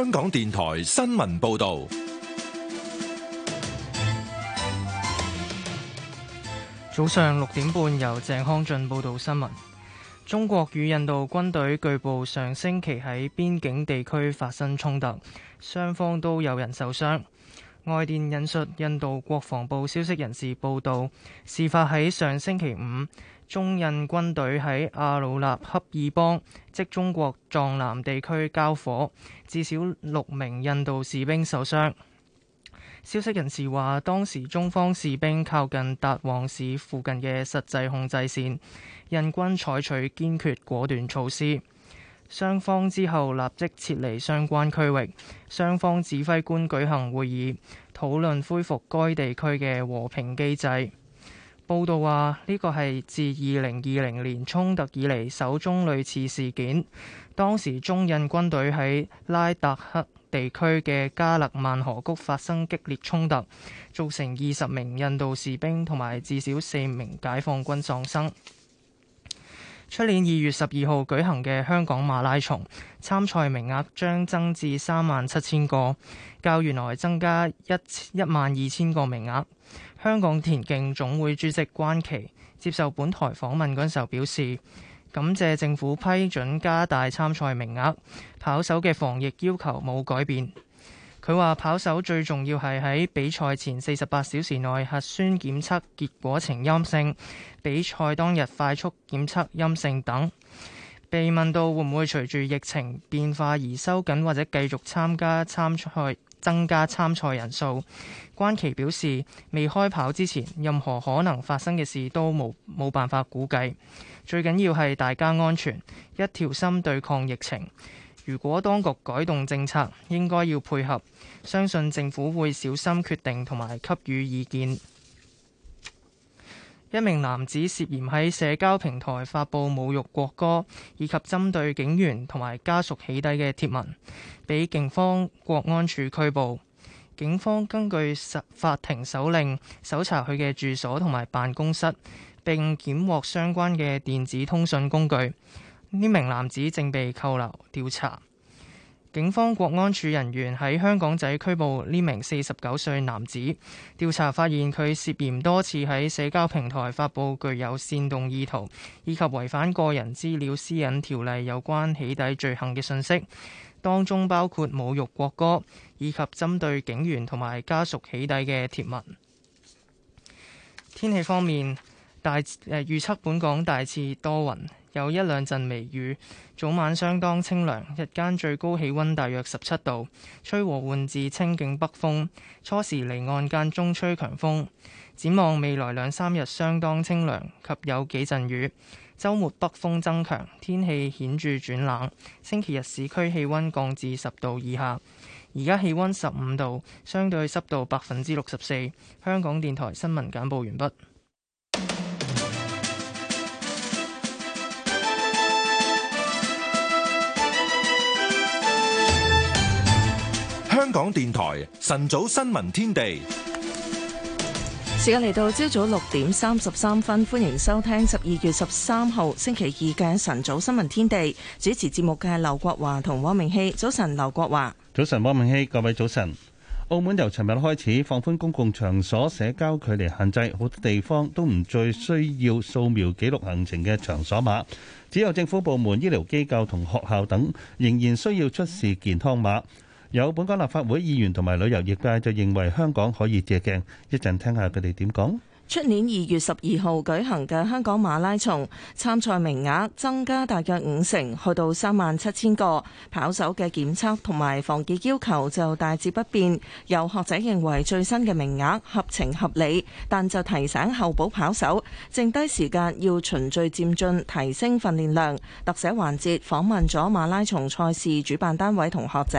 香港電台新聞報道，早上六點半由鄭康俊報道新聞。中國與印度軍隊據報上星期喺邊境地區發生衝突，雙方都有人受傷。外電引述印度國防部消息人士報道，事發喺上星期五。中印軍隊喺阿魯納恰爾邦，即中國藏南地區交火，至少六名印度士兵受傷。消息人士話，當時中方士兵靠近達旺市附近嘅實際控制線，印軍採取堅決果斷措施。雙方之後立即撤離相關區域，雙方指揮官舉行會議，討論恢復該地區嘅和平機制。報道話：呢個係自二零二零年衝突以嚟首宗類似事件。當時中印軍隊喺拉達克地區嘅加勒萬河谷發生激烈衝突，造成二十名印度士兵同埋至少四名解放軍喪生。出年二月十二號舉行嘅香港馬拉松，參賽名額將增至三萬七千個，較原來增加一萬二千個名額。香港田徑總會主席關琦接受本台訪問嗰陣時候表示，感謝政府批准加大參賽名額，跑手嘅防疫要求冇改變。佢話跑手最重要係喺比賽前四十八小時內核酸檢測結果呈陰性，比賽當日快速檢測陰性等。被問到會唔會隨住疫情變化而收緊或者繼續參加參賽，增加參賽人數？關其表示，未開跑之前，任何可能發生嘅事都冇冇辦法估計。最緊要係大家安全，一條心對抗疫情。如果當局改動政策，應該要配合。相信政府會小心決定同埋給予意見。一名男子涉嫌喺社交平台發佈侮辱國歌以及針對警員同埋家屬起底嘅貼文，被警方國安處拘捕。警方根據實法庭手令搜查佢嘅住所同埋辦公室，並檢獲相關嘅電子通訊工具。呢名男子正被扣留調查。警方國安處人員喺香港仔拘捕呢名四十九歲男子。調查發現佢涉嫌多次喺社交平台發布具有煽動意圖，以及違反個人資料私隱條例有關起底罪行嘅訊息。當中包括侮辱國歌，以及針對警員同埋家屬起底嘅帖文。天氣方面，大誒預測本港大致多雲，有一兩陣微雨，早晚相當清涼，日間最高氣温大約十七度，吹和緩至清勁北風，初時離岸間中吹強風。展望未來兩三日相當清涼，及有幾陣雨。周末北風增強，天氣顯著轉冷。星期日市區氣温降至十度以下，而家氣温十五度，相對濕度百分之六十四。香港電台新聞簡報完畢。香港電台晨早新聞天地。時間嚟到朝早六點三十三分，歡迎收聽十二月十三號星期二嘅晨早新聞天地。主持節目嘅係劉國華同汪明熙。早晨，劉國華。早晨，汪明熙。各位早晨。澳門由尋日開始放寬公共場所社交距離限制，好多地方都唔再需要掃描記錄行程嘅場所碼，只有政府部門、醫療機構同學校等仍然需要出示健康碼。有本港立法會議員同埋旅遊業界就認為香港可以借鏡，一陣聽下佢哋點講。出年二月十二號舉行嘅香港馬拉松參賽名額增加大約五成，去到三萬七千個。跑手嘅檢測同埋防疫要求就大致不變。有學者認為最新嘅名額合情合理，但就提醒候補跑手，剩低時間要循序漸進，提升訓練量。特寫環節訪問咗馬拉松賽事主辦單位同學者。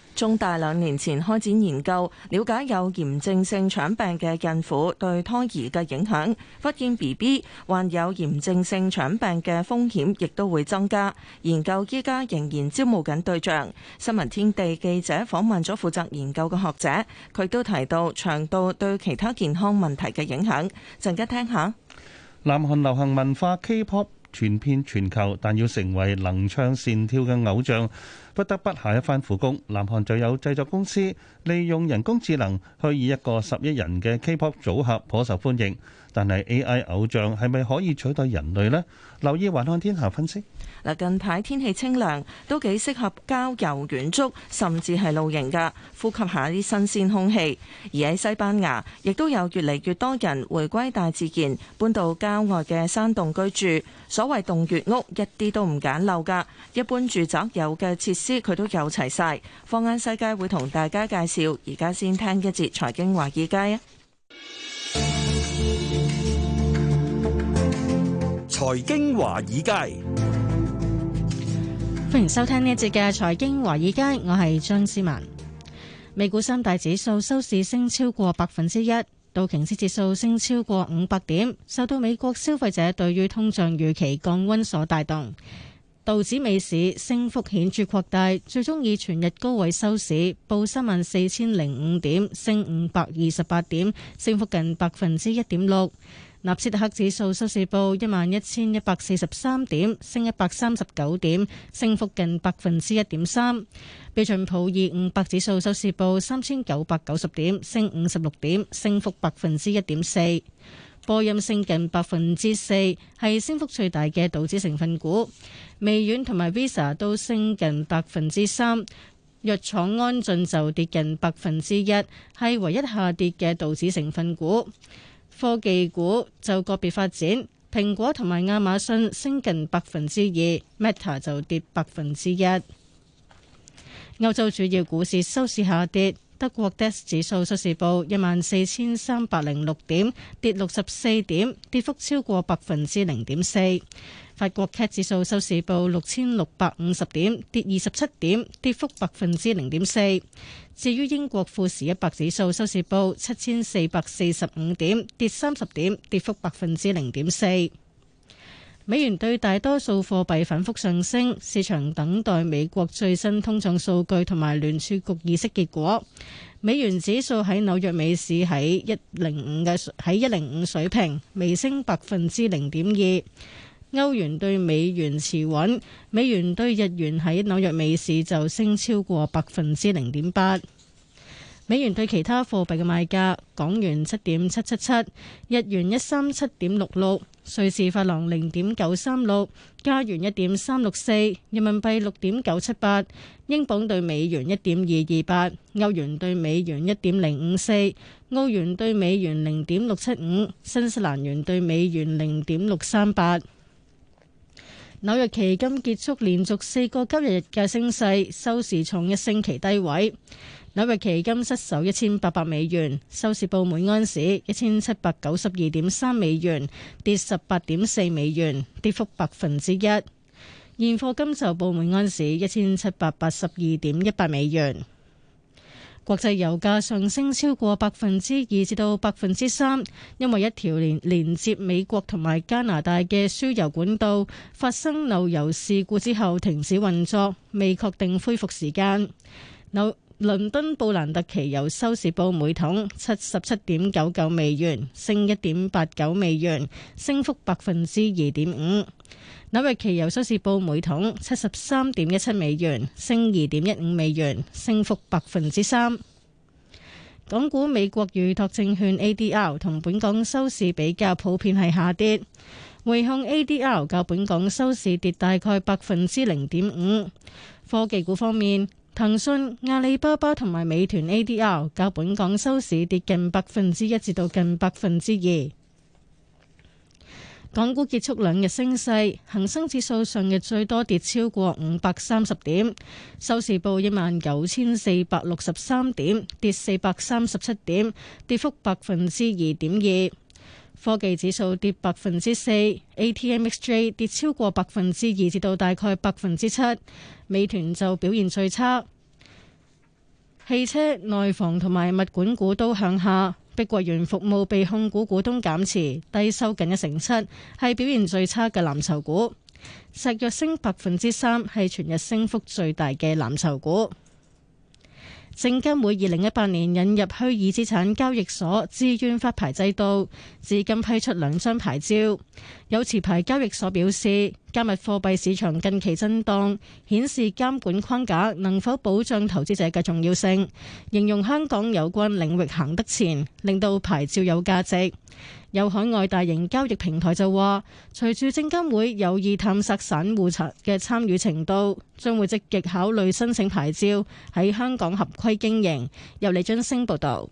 中大兩年前開展研究，了解有炎症性腸病嘅孕婦對胎兒嘅影響，發現 B B 患有炎症性腸病嘅風險亦都會增加。研究依家仍然招募緊對象。新聞天地記者訪問咗負責研究嘅學者，佢都提到腸道對其他健康問題嘅影響。陣間聽下南韓流行文化 K-pop。K pop 傳遍全球，但要成為能唱善跳嘅偶像，不得不下一番苦功。南韓就有製作公司利用人工智能，去以一個十一人嘅 K-pop 組合，頗受歡迎。但係 AI 偶像係咪可以取代人類呢？留意環看天下分析。嗱，近排天氣清涼，都幾適合郊遊遠足，甚至係露營噶，呼吸下啲新鮮空氣。而喺西班牙，亦都有越嚟越多人回歸大自然，搬到郊外嘅山洞居住。所謂洞穴屋，一啲都唔簡陋噶，一般住宅有嘅設施佢都有齊晒。放眼世界，會同大家介紹。而家先聽一節財經華爾街啊！財經華爾街，歡迎收聽呢一節嘅財經華爾街，我係張之文。美股三大指數收市升超過百分之一，道瓊斯指數升超過五百點，受到美國消費者對於通脹預期降溫所帶動。道指美市升幅顯著擴大，最終以全日高位收市，報三萬四千零五點，升五百二十八點，升幅近百分之一點六。納斯達克指數收市報一萬一千一百四十三點，升一百三十九點，升幅近百分之一點三。標準普爾五百指數收市報三千九百九十點，升五十六點，升幅百分之一點四。波音升近百分之四，係升幅最大嘅道指成分股。微軟同埋 Visa 都升近百分之三，藥廠安進就跌近百分之一，係唯一下跌嘅道指成分股。科技股就個別發展，蘋果同埋亞馬遜升近百分之二，Meta 就跌百分之一。歐洲主要股市收市下跌。德國 DAX 指數收市報一萬四千三百零六點，跌六十四點，跌幅超過百分之零點四。法國 CAC 指數收市報六千六百五十點，跌二十七點，跌幅百分之零點四。至於英國富時一百指數收市報七千四百四十五點，跌三十點，跌幅百分之零點四。美元對大多數貨幣反復上升，市場等待美國最新通脹數據同埋聯儲局議息結果。美元指數喺紐約美市喺一零五嘅，喺一零五水平微升百分之零點二。歐元對美元持穩，美元對日元喺紐約美市就升超過百分之零點八。美元對其他貨幣嘅賣價：港元七點七七七，日元一三七點六六。瑞士法郎零點九三六，加元一點三六四，人民幣六點九七八，英鎊兌美元一點二二八，歐元兌美元一點零五四，澳元兌美元零點六七五，新西蘭元兌美元零點六三八。紐約期金結束連續四個交易日嘅升勢，收市創一星期低位。紐約期金失守一千八百美元，收市報每盎司一千七百九十二點三美元，跌十八點四美元，跌幅百分之一。現貨金就報每盎司一千七百八十二點一百美元。國際油價上升超過百分之二至到百分之三，因為一條連，連接美國同埋加拿大嘅輸油管道發生漏油事故之後停止運作，未確定恢復時間。紐倫敦布蘭特期油收市報每桶七十七點九九美元，升一點八九美元，升幅百分之二點五。紐約期油收市報每桶七十三點一七美元，升二點一五美元，升幅百分之三。港股美國預託證券 A D R 同本港收市比較普遍係下跌，匯控 A D R 較本港收市跌大概百分之零點五。科技股方面。騰訊、阿里巴巴同埋美團 ADR，較本港收市跌近百分之一至到近百分之二。港股結束兩日升勢，恒生指數上日最多跌超過五百三十點，收市報一萬九千四百六十三點，跌四百三十七點，跌幅百分之二點二。科技指數跌百分之四，A T M X J 跌超過百分之二，至到大概百分之七。美團就表現最差，汽車、內房同埋物管股都向下。碧桂園服務被控股股東減持，低收近一成七，係表現最差嘅藍籌股。石藥升百分之三，係全日升幅最大嘅藍籌股。證監會二零一八年引入虛擬資產交易所自願發牌制度，至今批出兩張牌照。有持牌交易所表示，加密貨幣市場近期震盪，顯示監管框架能否保障投資者嘅重要性，形容香港有關領域行得前，令到牌照有價值。有海外大型交易平台就話，隨住證監會有意探索散戶層嘅參與程度，將會積極考慮申請牌照喺香港合規經營。由李津升報道。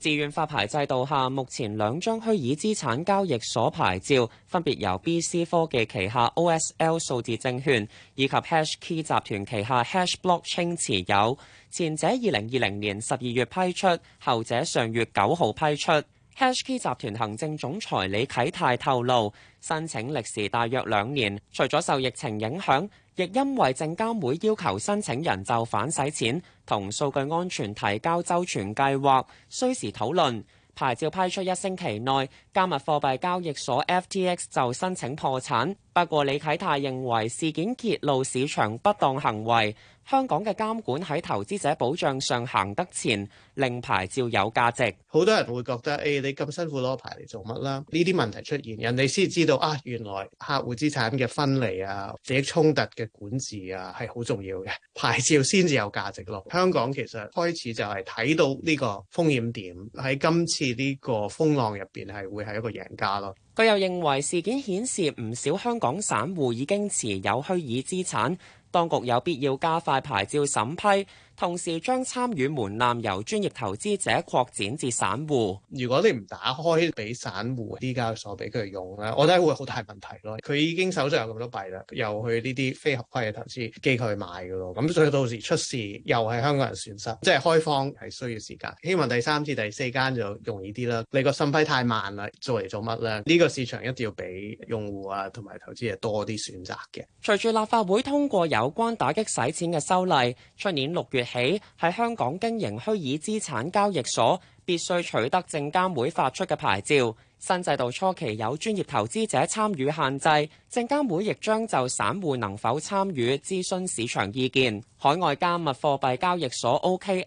自願發牌制度下，目前兩張虛擬資產交易所牌照分別由 B C 科技旗下 O S L 數字證券以及 HashKey 集團旗下 Hash Blockchain 持有。前者二零二零年十二月批出，後者上月九號批出。HashKey 集團行政總裁李啟泰透露，申請歷時大約兩年，除咗受疫情影響，亦因為證監會要求申請人就反洗錢同數據安全提交周全計劃，需時討論。牌照批出一星期內，加密貨幣交易所 FTX 就申請破產，不過李啟泰認為事件揭露市場不當行為。香港嘅監管喺投資者保障上行得前，令牌照有價值。好多人會覺得，誒、哎，你咁辛苦攞牌嚟做乜啦？呢啲問題出現，人哋先知道啊，原來客戶資產嘅分離啊，利益衝突嘅管治啊，係好重要嘅，牌照先至有價值咯。香港其實開始就係睇到呢個風險點，喺今次呢個風浪入邊，係會，係一個贏家咯。佢又認為事件顯示唔少香港散戶已經持有虛擬資產。當局有必要加快牌照審批。同時將參與門檻由專業投資者擴展至散戶。如果你唔打開俾散戶啲交易所俾佢用咧，我覺得會好大問題咯。佢已經手上有咁多幣啦，又去呢啲非合規嘅投資機構去買噶咯。咁所以到時出事又係香港人損失。即係開荒係需要時間，希望第三次、第四間就容易啲啦。你個審批太慢啦，做嚟做乜咧？呢、呢個市場一定要俾用戶啊同埋投資者多啲選擇嘅。隨住立法會通過有關打擊洗錢嘅修例，出年六月。企喺香港經營虛擬資產交易所，必須取得證監會發出嘅牌照。新制度初期有專業投資者參與限制，證監會亦將就散戶能否參與諮詢市場意見。海外加密貨幣交易所 OKX、OK。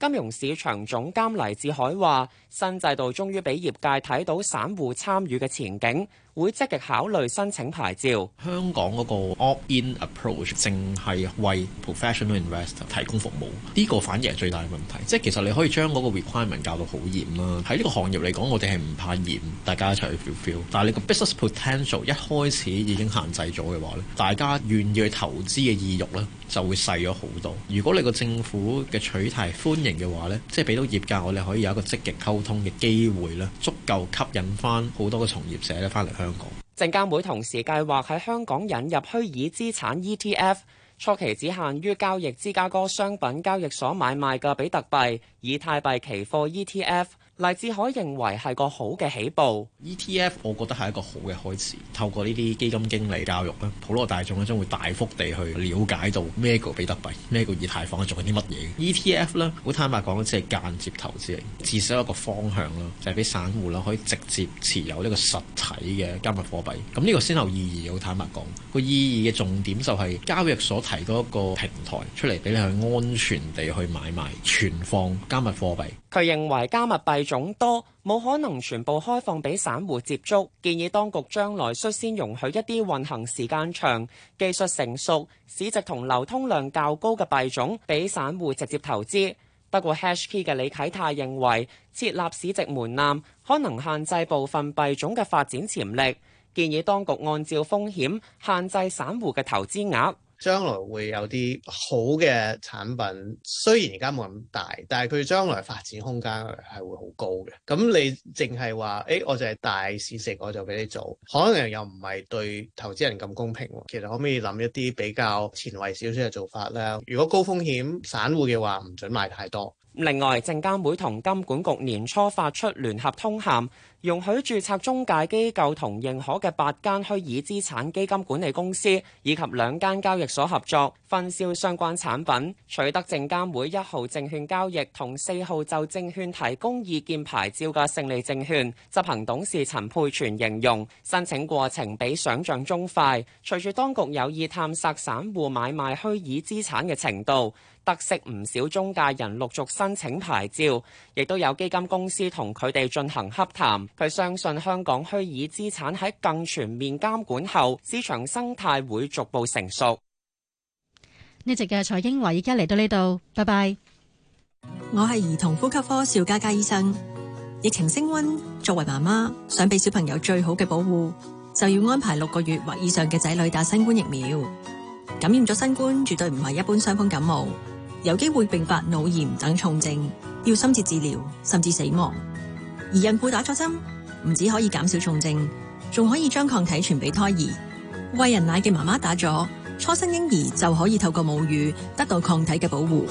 金融市場總監黎志海話：新制度終於俾業界睇到散戶參與嘅前景，會積極考慮申請牌照。香港嗰個 opt-in approach 淨係為 professional investor 提供服務，呢個反而係最大嘅問題。即係其實你可以將嗰個 requirement 教到好嚴啦。喺呢個行業嚟講，我哋係唔怕嚴，大家一齊去 feel feel。但係你個 business potential 一開始已經限制咗嘅話咧，大家願意去投資嘅意欲咧。就會細咗好多。如果你個政府嘅取態歡迎嘅話呢，即係俾到業界我哋可以有一個積極溝通嘅機會呢，足夠吸引翻好多嘅從業者咧翻嚟香港。證監會同時計劃喺香港引入虛擬資產 ETF，初期只限於交易芝加哥商品交易所買賣嘅比特幣、以太幣期貨 ETF。黎智海認為係個好嘅起步，ETF 我覺得係一個好嘅開始。透過呢啲基金經理教育咧，普羅大眾咧將會大幅地去了解到咩叫比特幣，咩叫以太坊，做緊啲乜嘢。ETF 咧好坦白講，只係間接投資嚟，至少有個方向咯，就係俾散戶啦可以直接持有呢個實體嘅加密貨幣。咁呢個先後意義，好坦白講，個意義嘅重點就係交易所提到一個平台出嚟俾你去安全地去買賣、存放加密貨幣。佢認為加密幣。種多，冇可能全部開放俾散戶接觸，建議當局將來率先容許一啲運行時間長、技術成熟、市值同流通量較高嘅幣種俾散戶直接投資。不過，HashKey 嘅李啟泰認為，設立市值門檻可能限制部分幣種嘅發展潛力，建議當局按照風險限制散戶嘅投資額。將來會有啲好嘅產品，雖然而家冇咁大，但係佢將來發展空間係會好高嘅。咁你淨係話，誒、哎，我就係大市食，我就俾你做，可能又唔係對投資人咁公平喎。其實可唔可以諗一啲比較前衞少少嘅做法咧？如果高風險散戶嘅話，唔准買太多。另外，證監會同金管局年初發出聯合通函，容許註冊中介機構同認可嘅八間虛擬資產基金管理公司以及兩間交易所合作，分銷相關產品。取得證監會一號證券交易同四號就證券提供意見牌照嘅勝利證券執行董事陳佩全形容，申請過程比想像中快。隨住當局有意探索散戶買賣虛擬資產嘅程度。得悉唔少中介人陸續申請牌照，亦都有基金公司同佢哋進行洽談。佢相信香港虛擬資產喺更全面監管後，市場生態會逐步成熟。呢席嘅蔡英華，而家嚟到呢度，拜拜。我係兒童呼吸科邵佳佳醫生。疫情升溫，作為媽媽想俾小朋友最好嘅保護，就要安排六個月或以上嘅仔女打新冠疫苗。感染咗新冠，絕對唔係一般傷風感冒，有機會併發腦炎等重症，要深切治療，甚至死亡。而孕婦打咗針，唔止可以減少重症，仲可以將抗體傳俾胎兒。喂人奶嘅媽媽打咗，初生嬰兒就可以透過母乳得到抗體嘅保護。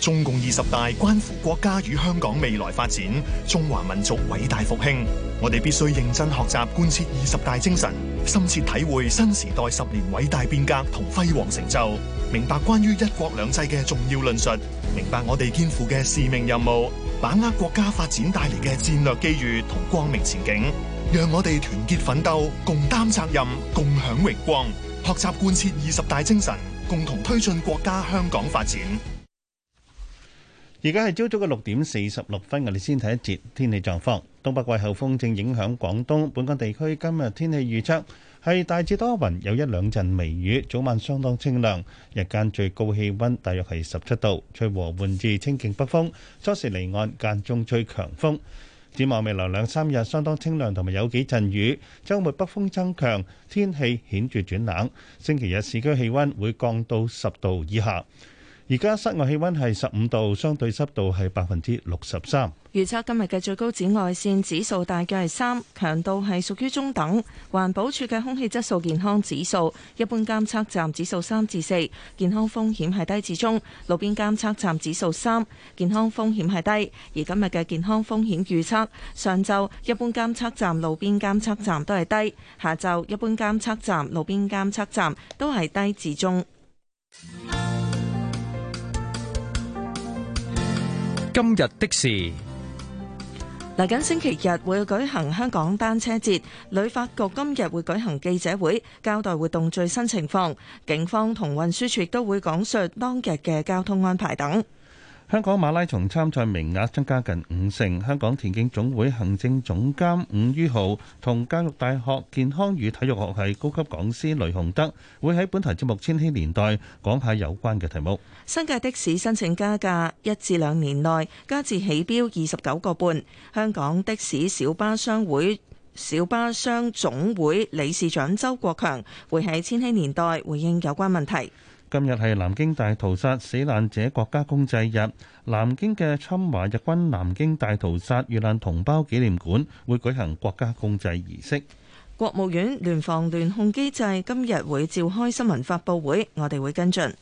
中共二十大關乎國家與香港未來發展，中華民族偉大復興。我哋必須認真學習貫徹二十大精神，深切體會新時代十年偉大變革同輝煌成就，明白關於一國兩制嘅重要論述，明白我哋肩負嘅使命任務，把握國家發展帶嚟嘅戰略機遇同光明前景，讓我哋團結奮鬥，共擔責任，共享榮光，學習貫徹二十大精神，共同推進國家香港發展。而家係朝早嘅六點四十六分，我哋先睇一節天氣狀況。東北季候風正影響廣東本港地區，今日天，天氣預測係大致多雲，有一兩陣微雨，早晚相當清涼，日間最高氣温大約係十七度，吹和緩至清勁北風，初時離岸間中吹強風。展望未來兩三日，相當清涼同埋有幾陣雨。周末北風增強，天氣顯著轉冷。星期日市區氣温會降到十度以下。而家室外氣溫係十五度，相對濕度係百分之六十三。預測今日嘅最高紫外線指數大概係三，強度係屬於中等。環保署嘅空氣質素健康指數，一般監測站指數三至四，健康風險係低至中；路邊監測站指數三，健康風險係低。而今日嘅健康風險預測，上晝一般監測站、路邊監測站都係低；下晝一般監測站、路邊監測站都係低至中。今日的事，嚟緊星期日會舉行香港單車節，旅發局今日會舉行記者會，交代活動最新情況，警方同運輸處都會講述當日嘅交通安排等。香港馬拉松參賽名額增加近五成，香港田徑總會行政總監伍於豪同教育大學健康與體育學系高級講師雷洪德會喺本台節目《千禧年代》講下有關嘅題目。新界的士申請加價，一至兩年內加至起標二十九個半。香港的士小巴商會小巴商總會理事長周國強會喺《千禧年代》回應有關問題。今日係南京大屠殺死難者國家公祭日，南京嘅侵華日軍南京大屠殺遇難同胞紀念館會舉行國家公祭儀式。國務院聯防聯控機制今日會召開新聞發布會，我哋會跟進。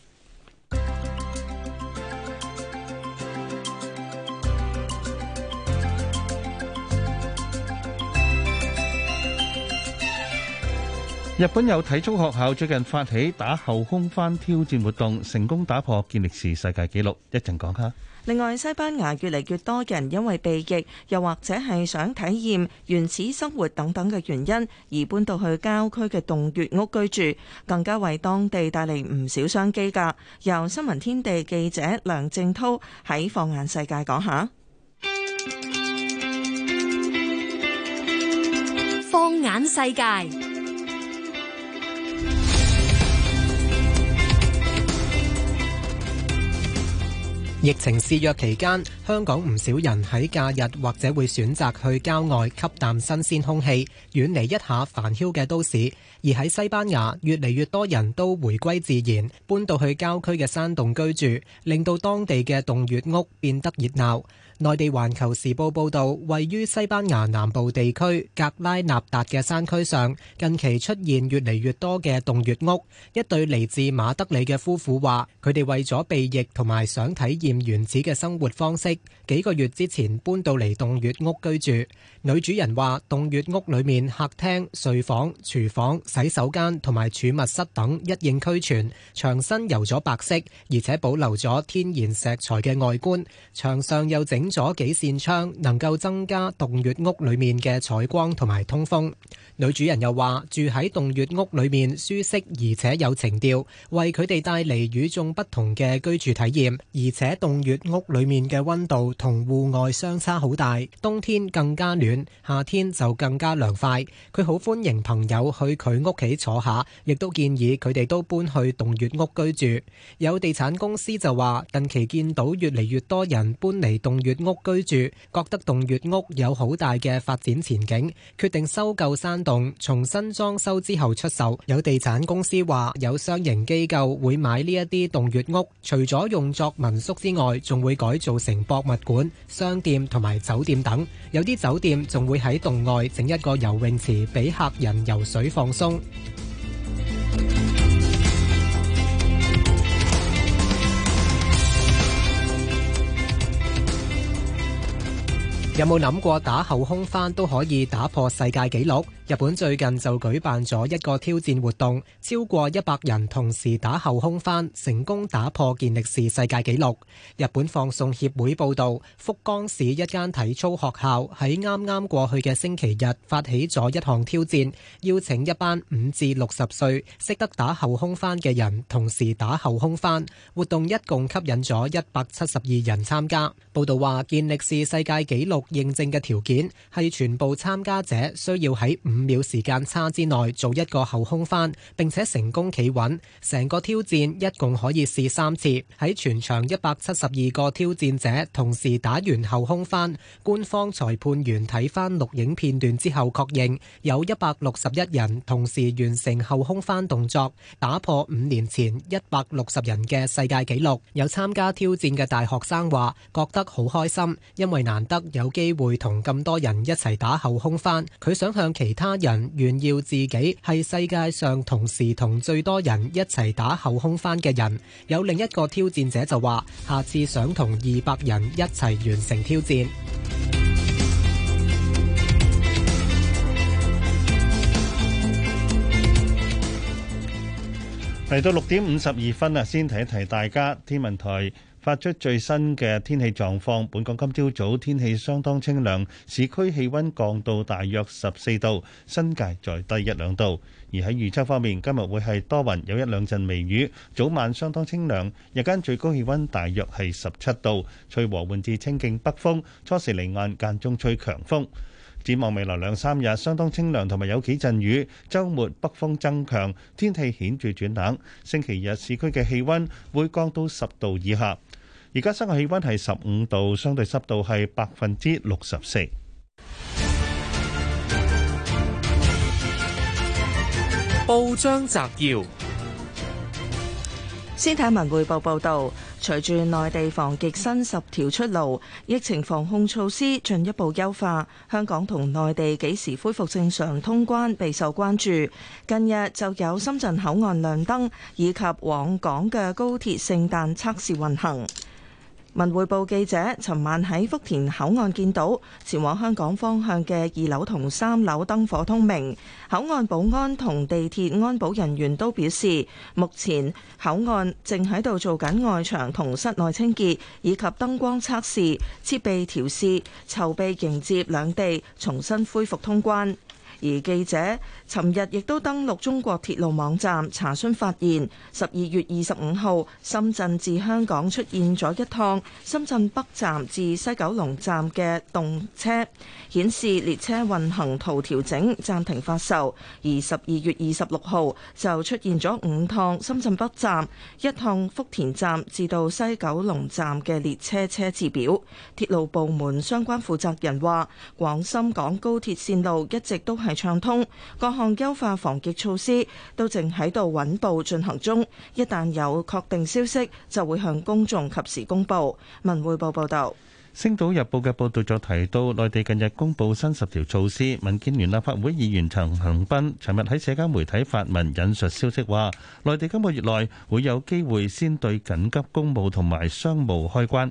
日本有體操學校最近發起打後空翻挑戰活動，成功打破健力士世界紀錄。講一陣講下。另外，西班牙越嚟越多人因為避疫，又或者係想體驗原始生活等等嘅原因，而搬到去郊區嘅洞穴屋居住，更加為當地帶嚟唔少商機噶。由新聞天地記者梁正濤喺放眼世界講下。放眼世界。疫情肆虐期間，香港唔少人喺假日或者會選擇去郊外吸啖新鮮空氣，遠離一下煩囂嘅都市。而喺西班牙，越嚟越多人都回歸自然，搬到去郊區嘅山洞居住，令到當地嘅洞穴屋變得熱鬧。內地《環球時報》報導，位於西班牙南部地區格拉納達嘅山區上，近期出現越嚟越多嘅洞穴屋。一對嚟自馬德里嘅夫婦話，佢哋為咗避疫同埋想體驗原始嘅生活方式，幾個月之前搬到嚟洞穴屋居住。女主人話，洞穴屋裡面客廳、睡房、廚房、洗手間同埋儲物室等一應俱全，牆身油咗白色，而且保留咗天然石材嘅外觀，牆上又整。咗幾扇窗，能夠增加洞穴屋裡面嘅採光同埋通風。女主人又話，住喺洞穴屋裡面舒適，而且有情調，為佢哋帶嚟與眾不同嘅居住體驗。而且洞穴屋裡面嘅溫度同戶外相差好大，冬天更加暖，夏天就更加涼快。佢好歡迎朋友去佢屋企坐下，亦都建議佢哋都搬去洞穴屋居住。有地產公司就話，近期見到越嚟越多人搬嚟洞穴。屋居住，覺得洞穴屋有好大嘅發展前景，決定收購山洞，重新裝修之後出售。有地產公司話有商營機構會買呢一啲洞穴屋，除咗用作民宿之外，仲會改造成博物館、商店同埋酒店等。有啲酒店仲會喺洞外整一個游泳池，俾客人游水放鬆。有冇諗過打後空翻都可以打破世界紀錄？日本最近就舉辦咗一個挑戰活動，超過一百人同時打後空翻，成功打破健力士世界紀錄。日本放送協會報道，福岡市一間體操學校喺啱啱過去嘅星期日發起咗一項挑戰，邀請一班五至六十歲識得打後空翻嘅人同時打後空翻。活動一共吸引咗一百七十二人參加。報道話健力士世界紀錄。認證嘅條件係全部參加者需要喺五秒時間差之內做一個後空翻，並且成功企穩。成個挑戰一共可以試三次。喺全場一百七十二個挑戰者同時打完後空翻，官方裁判員睇返錄影片段之後確認，有一百六十一人同時完成後空翻動作，打破五年前一百六十人嘅世界紀錄。有參加挑戰嘅大學生話：覺得好開心，因為難得有。機會同咁多人一齊打後空翻，佢想向其他人炫耀自己係世界上同時同最多人一齊打後空翻嘅人。有另一個挑戰者就話，下次想同二百人一齊完成挑戰。嚟到六點五十二分啊，先提一提大家天文台，發出最新嘅天氣狀況。本港今朝早，早天氣相當清涼，市區氣温降到大約十四度，新界再低一兩度。而喺預測方面，今日會係多雲，有一兩陣微雨，早晚相當清涼，日間最高氣温大約係十七度，吹和緩至清勁北風，初時離岸間中吹強風。展望未來兩三日，相當清涼同埋有幾陣雨。週末北風增強，天氣顯著轉冷。星期日市區嘅氣温會降到十度以下。而家室外氣温係十五度，相對濕度係百分之六十四。報章摘要。《先睇文匯報》報道，隨住內地防疫新十條出爐，疫情防控措施進一步優化，香港同內地幾時恢復正常通關備受關注。近日就有深圳口岸亮燈，以及往港嘅高鐵聖誕測試運行。文匯報記者尋晚喺福田口岸見到，前往香港方向嘅二樓同三樓燈火通明，口岸保安同地鐵安保人員都表示，目前口岸正喺度做緊外牆同室內清潔，以及燈光測試、設備調試，籌備迎接兩地重新恢復通關。而記者。尋日亦都登錄中國鐵路網站查詢，發現十二月二十五號深圳至香港出現咗一趟深圳北站至西九龍站嘅動車，顯示列車運行圖調整暫停發售；而十二月二十六號就出現咗五趟深圳北站、一趟福田站至到西九龍站嘅列車車次表。鐵路部門相關負責人話：廣深港高鐵線路一直都係暢通。各優化防疫措施都正喺度穩步進行中，一旦有確定消息，就會向公眾及時公布。文匯報報道，《星島日報》嘅報道就提到，內地近日公布新十條措施。民建聯立法會議員陳恒鑌尋日喺社交媒體發文引述消息，話內地今個月內會有機會先對緊急公務同埋商務開關。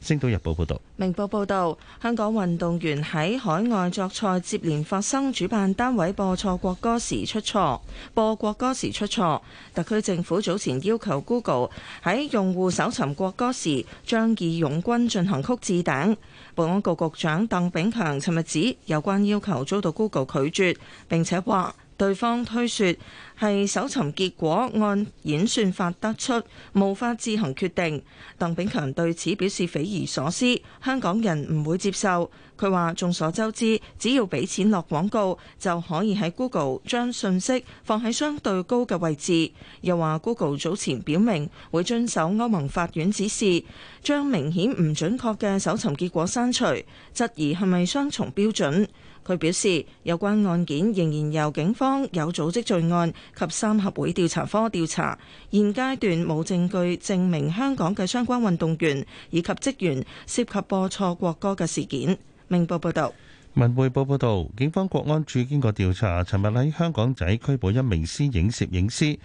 星島日報報道，明報報道，香港運動員喺海外作賽接連發生主辦單位播錯國歌時出錯，播國歌時出錯。特區政府早前要求 Google 喺用戶搜尋國歌時，將《義勇軍進行曲》置頂。保安局局長鄧炳強尋日指，有關要求遭到 Google 拒絕，並且話。對方推說係搜尋結果按演算法得出，無法自行決定。鄧炳強對此表示匪夷所思，香港人唔會接受。佢話：眾所周知，只要俾錢落廣告就可以喺 Google 將信息放喺相對高嘅位置。又話 Google 早前表明會遵守歐盟法院指示，將明顯唔準確嘅搜尋結果刪除，質疑係咪雙重標準。佢表示，有關案件仍然由警方有組織罪案及三合會調查科調查，現階段冇證據證明香港嘅相關運動員以及職員涉及播錯國歌嘅事件。明報報道。文匯報報道，警方國安處經過調查，尋日喺香港仔拘捕一名私影攝影師。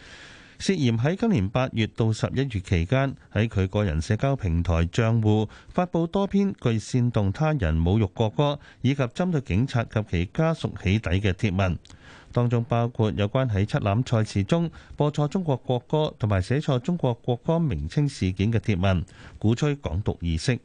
涉嫌喺今年八月到十一月期間，喺佢個人社交平台賬戶發布多篇具煽動他人、侮辱國歌以及針對警察及其家屬起底嘅帖文，當中包括有關喺七欖賽事中播錯中國國歌同埋寫錯中國國歌名稱事件嘅帖文，鼓吹港獨意識。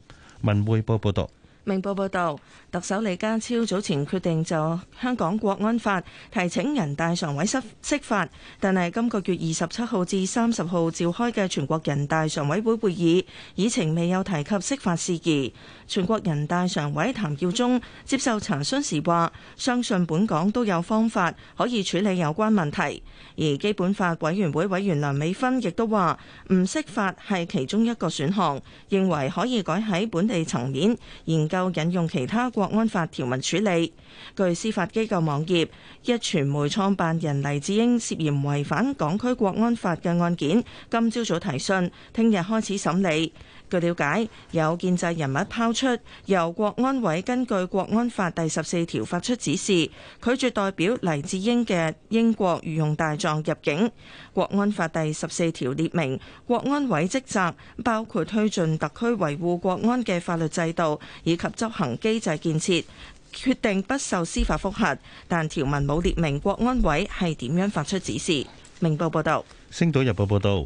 文匯報報道。明報報導，特首李家超早前決定就香港國安法提請人大常委失釋法，但係今個月二十七號至三十號召開嘅全國人大常委會會議，議程未有提及釋法事宜。全國人大常委譚耀宗接受查詢時話：相信本港都有方法可以處理有關問題。而基本法委員會委員梁美芬亦都話唔釋法係其中一個選項，認為可以改喺本地層面研究引用其他國安法條文處理。據司法機構網頁，一傳媒創辦人黎智英涉嫌違反港區國安法嘅案件，今朝早提訊，聽日開始審理。據了解，有建制人物拋出由國安委根據《國安法》第十四條發出指示，拒絕代表黎智英嘅英國御用大狀入境。《國安法》第十四條列明，國安委職責包括推進特區維護國安嘅法律制度以及執行機制建設，決定不受司法覆核，但條文冇列明國安委係點樣發出指示。明報報道。星島日報報道。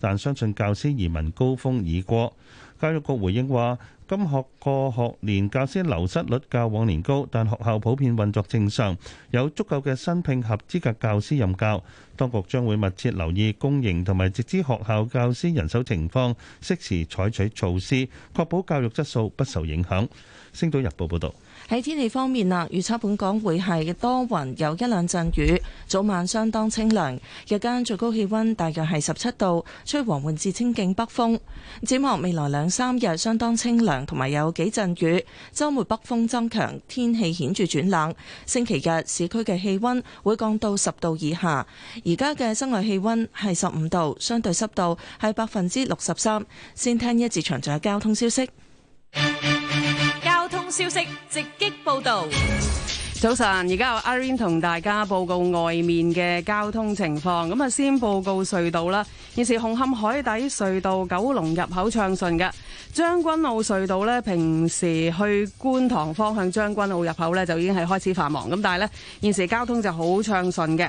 但相信教師移民高峰已過，教育局回應話今學個學年教師流失率較往年高，但學校普遍運作正常，有足夠嘅新聘合資格教師任教。當局將會密切留意公營同埋直資學校教師人手情況，適時採取措施，確保教育質素不受影響。星島日報報道。喺天氣方面啦，預測本港會係多雲，有一兩陣雨，早晚相當清涼，日間最高氣温大約係十七度，吹和緩至清勁北風。展望未來兩三日相當清涼，同埋有幾陣雨，周末北風增強，天氣顯著轉冷。星期日市區嘅氣温會降到十度以下。而家嘅室外氣温係十五度，相對濕度係百分之六十三。先聽一節長長嘅交通消息。消息直擊報道。早晨，而家由 Irene 同大家報告外面嘅交通情況。咁啊，先報告隧道啦。現時紅磡海底隧道九龍入口暢順嘅。將軍澳隧道呢，平時去觀塘方向將軍澳入口呢，就已經係開始繁忙。咁但係呢，現時交通就好暢順嘅。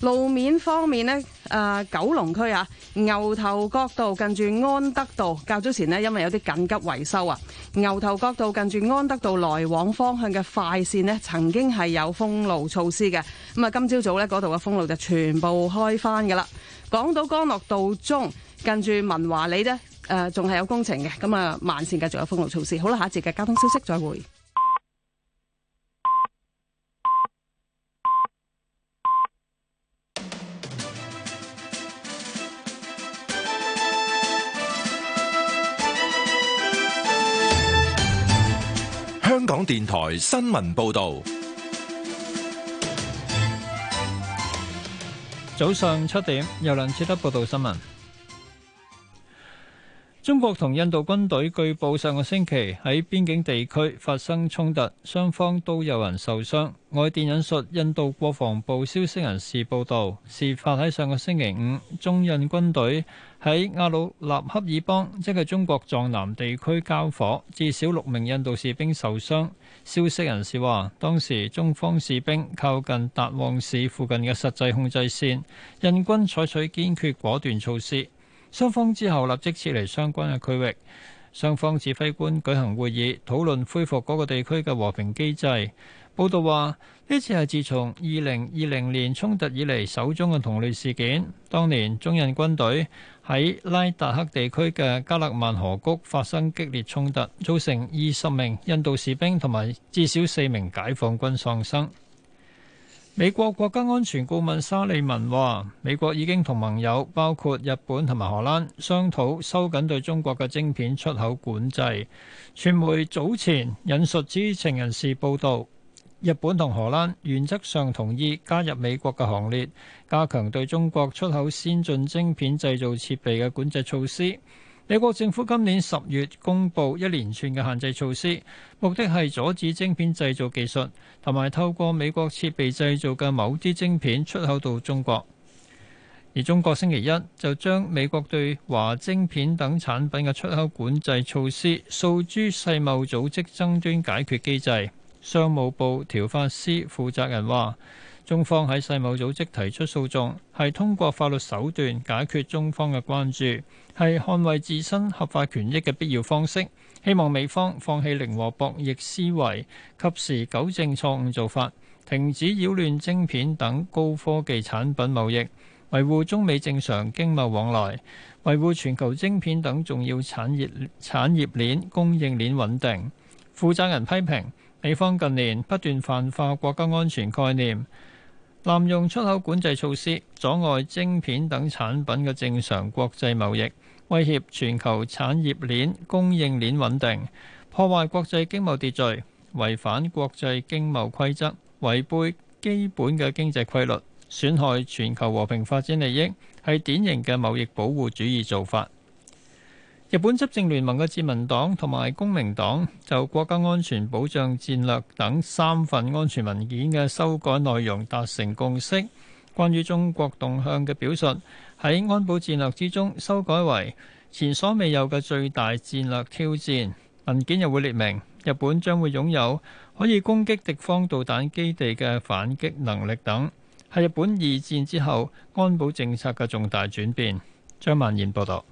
路面方面呢誒、呃、九龍區啊，牛頭角道近住安德道，較早前咧因為有啲緊急維修啊，牛頭角道近住安德道來往方向嘅快線咧曾經係有封路措施嘅，咁、嗯、啊今朝早呢嗰度嘅封路就全部開翻噶啦。港島江樂道中近住文華里呢誒仲係有工程嘅，咁、嗯、啊慢線繼續有封路措施。好啦，下一節嘅交通消息再會。香港電台新聞報道。早上七點，由梁智德報道新聞。中國同印度軍隊據報上個星期喺邊境地區發生衝突，雙方都有人受傷。外電引述印度國防部消息人士報道，事發喺上個星期五，中印軍隊喺阿魯納恰爾邦，即係中國藏南地區交火，至少六名印度士兵受傷。消息人士話，當時中方士兵靠近達旺市附近嘅實際控制線，印軍採取堅決果斷措施。雙方之後立即撤離相關嘅區域，雙方指揮官舉行會議，討論恢復嗰個地區嘅和平機制。報道話呢次係自從二零二零年衝突以嚟，首宗嘅同類事件。當年中印軍隊喺拉達克地區嘅加勒萬河谷發生激烈衝突，造成二十名印度士兵同埋至少四名解放軍喪生。美國國家安全顧問沙利文話：美國已經同盟友包括日本同埋荷蘭商討收緊對中國嘅晶片出口管制。傳媒早前引述知情人士報道，日本同荷蘭原則上同意加入美國嘅行列，加強對中國出口先進晶片製造設備嘅管制措施。美國政府今年十月公布一連串嘅限制措施，目的係阻止晶片製造技術同埋透過美國設備製造嘅某啲晶片出口到中國。而中國星期一就將美國對華晶片等產品嘅出口管制措施訴諸世貿組織爭端解決機制。商務部條法司負責人話：中方喺世貿組織提出訴訟係通過法律手段解決中方嘅關注，係捍衞自身合法權益嘅必要方式，希望美方放棄零和博弈思維，及時糾正錯誤做法，停止擾亂晶片等高科技產品貿易，維護中美正常經貿往來，維護全球晶片等重要產業產業鏈供應鏈穩定。負責人批評美方近年不斷泛化國家安全概念，濫用出口管制措施，阻礙晶片等產品嘅正常國際貿易。威脅全球產業鏈、供應鏈穩定，破壞國際經貿秩序，違反國際經貿規則，違背基本嘅經濟規律，損害全球和平發展利益，係典型嘅貿易保護主義做法。日本執政聯盟嘅自民黨同埋公明黨就國家安全保障戰略等三份安全文件嘅修改內容達成共識，關於中國動向嘅表述。喺安保戰略之中，修改為前所未有嘅最大戰略挑戰。文件又會列明，日本將會擁有可以攻擊敵方導彈基地嘅反擊能力等，係日本二戰之後安保政策嘅重大轉變。張萬賢報導。多多。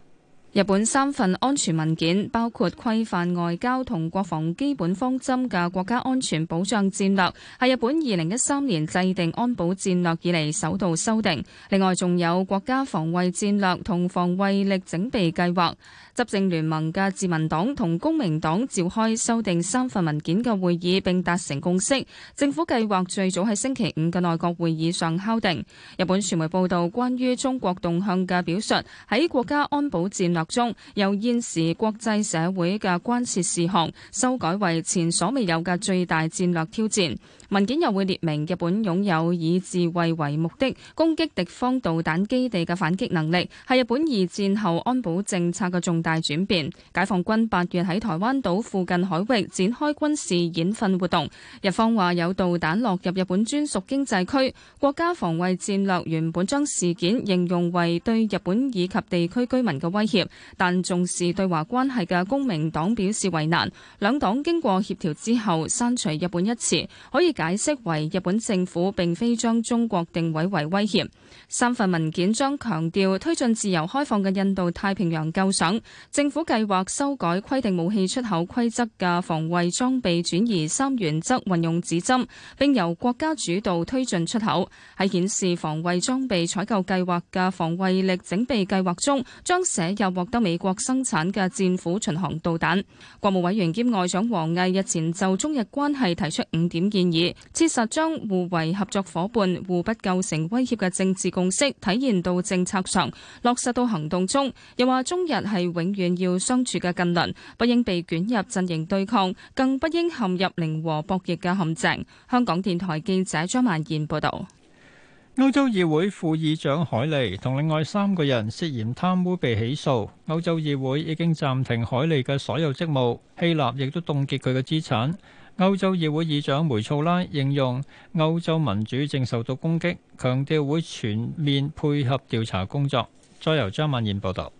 日本三份安全文件，包括規範外交同國防基本方針嘅國家安全保障戰略，係日本二零一三年制定安保戰略以嚟首度修訂。另外，仲有國家防衛戰略同防衛力整備計劃。執政聯盟嘅自民黨同公明黨召開修訂三份文件嘅會議，並達成共識。政府計劃最早喺星期五嘅內閣會議上敲定。日本傳媒報道，關於中國動向嘅表述喺國家安保戰略中，由現時國際社會嘅關切事項，修改為前所未有嘅最大戰略挑戰。文件又會列明日本擁有以自衛為目的攻擊敵方導彈基地嘅反擊能力，係日本二戰後安保政策嘅重大大轉變。解放軍八月喺台灣島附近海域展開軍事演訓活動，日方話有導彈落入日本專屬經濟區。國家防衛戰略原本將事件形容為對日本以及地區居民嘅威脅，但重視對華關係嘅公明黨表示為難。兩黨經過協調之後刪除日本一詞，可以解釋為日本政府並非將中國定位為威脅。三份文件將強調推進自由開放嘅印度太平洋構想。政府計劃修改規定武器出口規則嘅防衛裝備轉移三原則運用指針，並由國家主導推進出口，喺顯示防衛裝備採購計劃嘅防衛力整備計劃中將寫入獲得美國生產嘅戰斧巡航導彈。國務委員兼外長王毅日前就中日關係提出五點建議，切實將互為合作伙伴、互不構成威脅嘅政治共識體現到政策上，落實到行動中。又話中日係永遠要相處嘅近鄰，不應被捲入陣營對抗，更不應陷入零和博弈嘅陷阱。香港電台記者張曼燕報道。歐洲議會副議長海利同另外三個人涉嫌貪污被起訴，歐洲議會已經暫停海利嘅所有職務，希臘亦都凍結佢嘅資產。歐洲議會議長梅措拉形容歐洲民主正受到攻擊，強調會全面配合調查工作。再由張曼燕報道。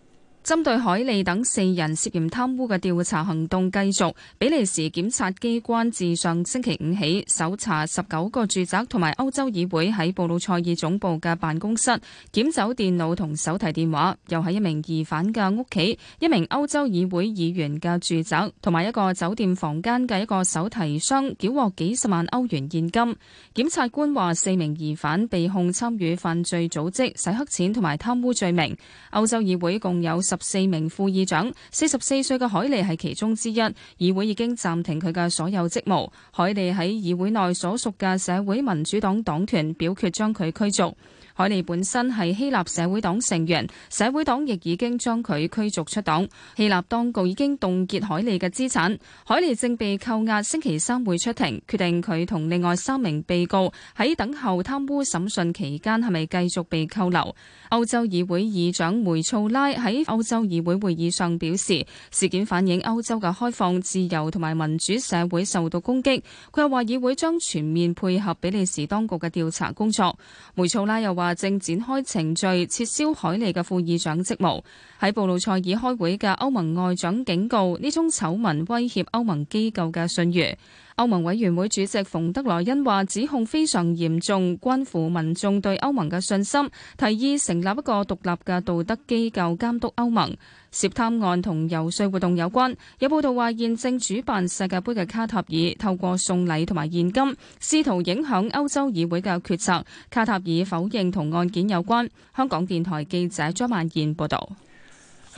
針對海利等四人涉嫌貪污嘅調查行動繼續，比利時檢察機關自上星期五起搜查十九個住宅同埋歐洲議會喺布魯塞爾總部嘅辦公室，檢走電腦同手提電話，又喺一名疑犯嘅屋企、一名歐洲議會議員嘅住宅同埋一個酒店房間嘅一個手提箱繳獲幾十萬歐元現金。檢察官話，四名疑犯被控參與犯罪組織、洗黑錢同埋貪污罪名。歐洲議會共有十。四名副議長，四十四歲嘅海利係其中之一。議會已經暫停佢嘅所有職務。海利喺議會內所屬嘅社會民主黨黨團表決將佢驅逐。海利本身係希臘社會黨成員，社會黨亦已經將佢驅逐出黨。希臘當局已經凍結海利嘅資產，海利正被扣押，星期三會出庭，決定佢同另外三名被告喺等候貪污審訊期間係咪繼續被扣留。歐洲議會議長梅素拉喺歐洲議會會議上表示，事件反映歐洲嘅開放、自由同埋民主社會受到攻擊，佢又話議會將全面配合比利時當局嘅調查工作。梅素拉又話。正展開程序撤銷海利嘅副議長職務。喺布魯塞爾開會嘅歐盟外長警告，呢宗醜聞威脅歐盟機構嘅信譽。歐盟委員會主席馮德萊恩話，指控非常嚴重，關乎民眾對歐盟嘅信心，提議成立一個獨立嘅道德機構監督歐盟。涉貪案同游説活動有關，有報道話現正主辦世界盃嘅卡塔爾透過送禮同埋現金試圖影響歐洲議會嘅決策。卡塔爾否認同案件有關。香港電台記者張曼燕報導。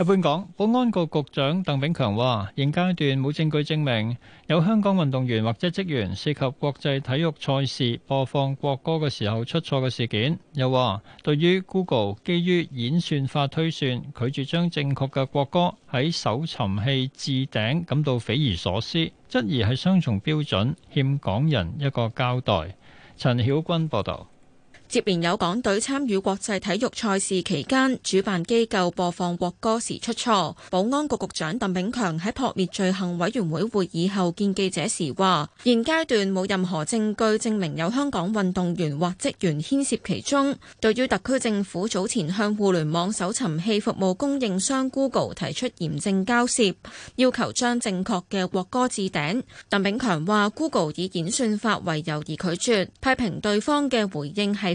一般講，保安局局長鄧炳強話：現階段冇證據證明有香港運動員或者職員涉及國際體育賽事播放國歌嘅時候出錯嘅事件。又話對於 Google 基於演算法推算拒絕將正確嘅國歌喺搜尋器置頂感到匪夷所思，質疑係雙重標準，欠港人一個交代。陳曉君報道。接連有港隊參與國際體育賽事期間，主辦機構播放國歌時出錯。保安局局長鄧炳強喺撲滅罪行委員會會議後見記者時話：現階段冇任何證據證明有香港運動員或職員牽涉其中。對於特區政府早前向互聯網搜尋器服務供應商 Google 提出嚴正交涉，要求將正確嘅國歌置頂，鄧炳強話 Google 以演算法為由而拒絕，批評對方嘅回應係。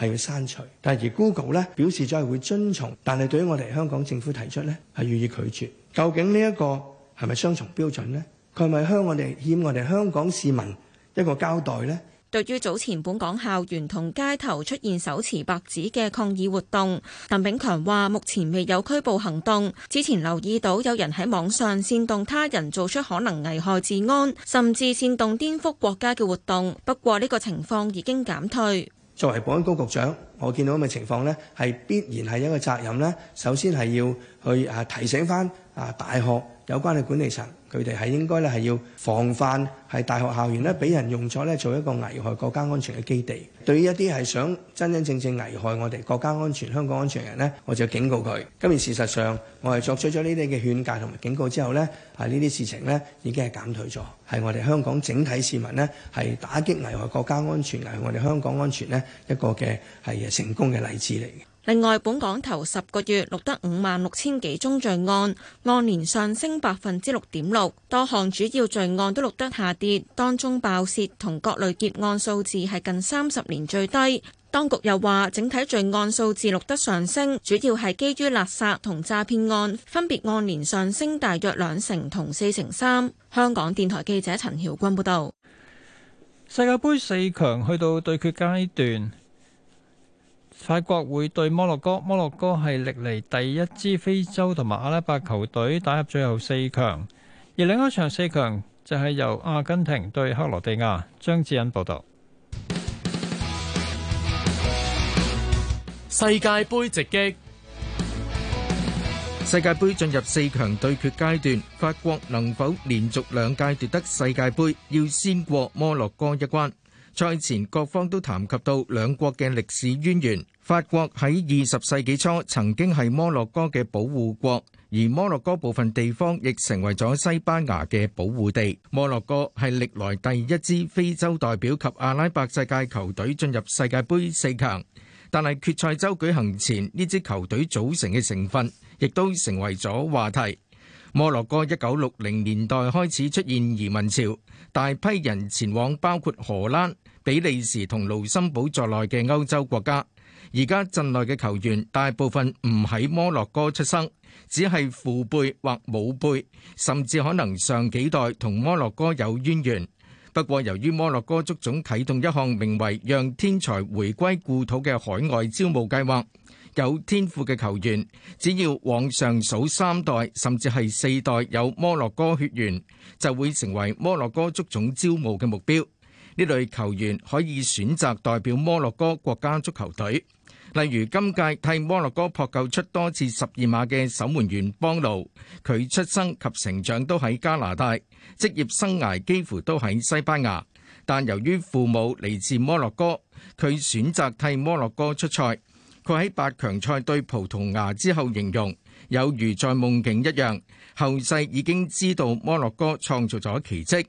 係要刪除，但而 Google 呢表示咗係會遵從，但係對於我哋香港政府提出呢係予以拒絕。究竟呢一個係咪雙重標準呢？佢係咪向我哋欠我哋香港市民一個交代呢？對於早前本港校園同街頭出現手持白紙嘅抗議活動，鄧炳強話：目前未有拘捕行動。之前留意到有人喺網上煽動他人做出可能危害治安，甚至煽動顛覆國家嘅活動，不過呢個情況已經減退。作為保安局局長，我見到咁嘅情況咧，係必然係一個責任咧。首先係要去誒提醒翻啊！大學有關嘅管理層，佢哋係應該咧係要防範，係大學校園咧俾人用咗咧做一個危害國家安全嘅基地。對於一啲係想真真正正危害我哋國家安全、香港安全人咧，我就警告佢。今日事實上，我係作出咗呢啲嘅勸戒同埋警告之後咧，係呢啲事情咧已經係減退咗，係我哋香港整體市民咧係打擊危害國家安全、危害我哋香港安全咧一個嘅係成功嘅例子嚟嘅。另外，本港頭十個月錄得五萬六千幾宗罪案，按年上升百分之六點六。多項主要罪案都錄得下跌，當中爆竊同各類劫案數字係近三十年最低。當局又話，整體罪案數字錄得上升，主要係基於勒索同詐騙案，分別按年上升大約兩成同四成三。香港電台記者陳曉君報導。世界盃四強去到對決階段。法國會對摩洛哥，摩洛哥係歷來第一支非洲同埋阿拉伯球隊打入最後四強，而另一場四強就係由阿根廷對克羅地亞。張志恩報道。世界盃直擊。世界盃進入四強對決階段，法國能否連續兩屆奪得世界盃，要先過摩洛哥一關。賽前各方都談及到兩國嘅歷史淵源。法國喺二十世紀初曾經係摩洛哥嘅保護國，而摩洛哥部分地方亦成為咗西班牙嘅保護地。摩洛哥係歷來第一支非洲代表及阿拉伯世界球隊進入世界杯四強，但係決賽周舉行前，呢支球隊組成嘅成分亦都成為咗話題。摩洛哥一九六零年代開始出現移民潮，大批人前往包括荷蘭、比利時同盧森堡在內嘅歐洲國家。而家陣內嘅球員大部分唔喺摩洛哥出生，只係父輩或母輩，甚至可能上幾代同摩洛哥有淵源。不過，由於摩洛哥足總啟動一項名為讓天才回歸故土嘅海外招募計劃。有天賦嘅球員，只要往上數三代，甚至係四代有摩洛哥血緣，就會成為摩洛哥足總招募嘅目標。呢類球員可以選擇代表摩洛哥國家足球隊。例如今屆替摩洛哥撲救出多次十二碼嘅守門員邦奴，佢出生及成長都喺加拿大，職業生涯幾乎都喺西班牙，但由於父母嚟自摩洛哥，佢選擇替摩洛哥出賽。佢喺八強賽對葡萄牙之後形容，有如在夢境一樣。後世已經知道摩洛哥創造咗奇蹟。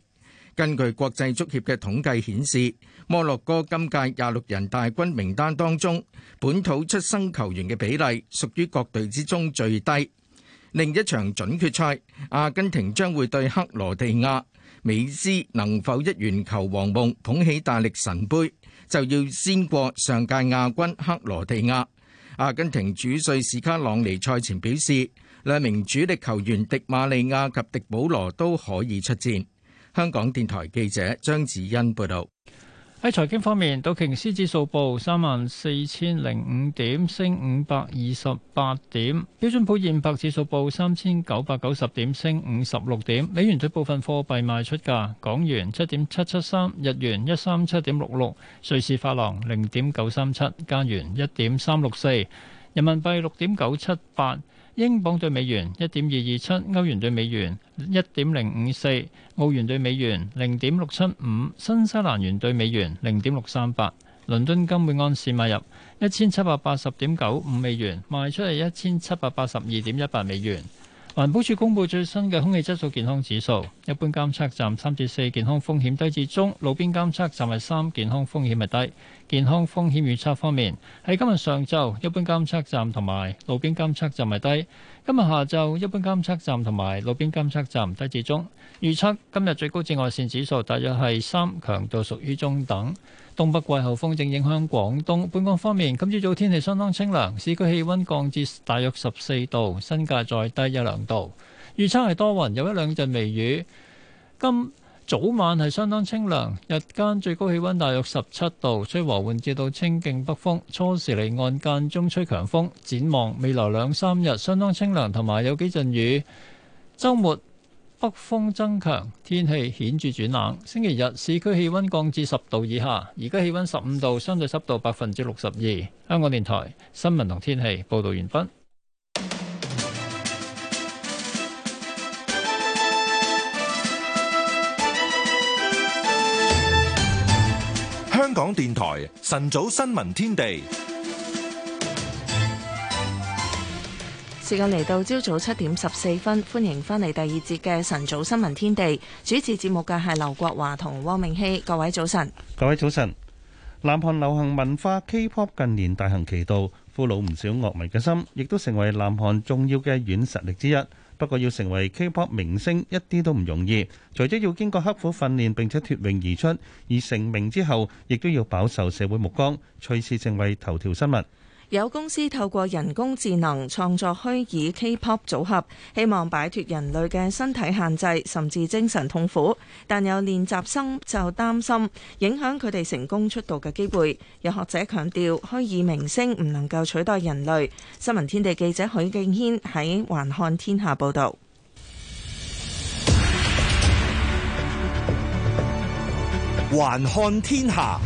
根據國際足協嘅統計顯示，摩洛哥今屆廿六人大軍名單當中，本土出生球員嘅比例屬於各隊之中最低。另一場準決賽，阿根廷將會對克羅地亞，美斯能否一圓球王夢，捧起大力神杯，就要先過上屆亞軍克羅地亞。阿根廷主帥史卡朗尼賽前表示，兩名主力球員迪馬利亞及迪保羅都可以出戰。香港電台記者張子欣報導。喺財經方面，道瓊斯指數報三萬四千零五點，升五百二十八點；標準普爾五百指數報三千九百九十點，升五十六點。美元對部分貨幣賣出價：港元七點七七三，日元一三七點六六，瑞士法郎零點九三七，加元一點三六四，人民幣六點九七八。英鎊對美元一點二二七，7, 歐元對美元一點零五四，4, 澳元對美元零點六七五，75, 新西蘭元對美元零點六三八。倫敦金每安士買入一千七百八十點九五美元，賣出係一千七百八十二點一八美元。環保署公布最新嘅空氣質素健康指數，一般監測站三至四健康風險低至中，路邊監測站係三健康風險係低。健康風險預測方面，喺今日上晝，一般監測站同埋路邊監測站係低；今日下晝，一般監測站同埋路邊監測站低至中。預測今日最高紫外線指數大約係三，強度屬於中等。東北季候風正影響廣東。本港方面，今朝早天氣相當清涼，市區氣温降至大約十四度，新界再低一兩度。預測係多雲，有一兩陣微雨。今早晚係相當清涼，日間最高氣溫大約十七度，吹和緩至到清勁北風。初時離岸間中吹強風。展望未來兩三日相當清涼，同埋有幾陣雨。周末。北風增強，天氣顯著轉冷。星期日市區氣溫降至十度以下，而家氣溫十五度，相對濕度百分之六十二。香港電台新聞同天氣報道完畢。香港電台晨早新聞天地。時間嚟到朝早七點十四分，歡迎翻嚟第二節嘅晨早新聞天地。主持節目嘅係劉國華同汪明熙，各位早晨。各位早晨。南韓流行文化 K-pop 近年大行其道，俘虜唔少樂迷嘅心，亦都成為南韓重要嘅軟實力之一。不過要成為 K-pop 明星一啲都唔容易，除咗要經過刻苦訓練，並且脫穎而出，而成名之後，亦都要飽受社會目光，隨時成為頭條新聞。有公司透過人工智能創作虛擬 K-pop 組合，希望擺脫人類嘅身體限制，甚至精神痛苦。但有練習生就擔心影響佢哋成功出道嘅機會。有學者強調，虛擬明星唔能夠取代人類。新聞天地記者許敬軒喺《橫看天下》報導。橫看天下。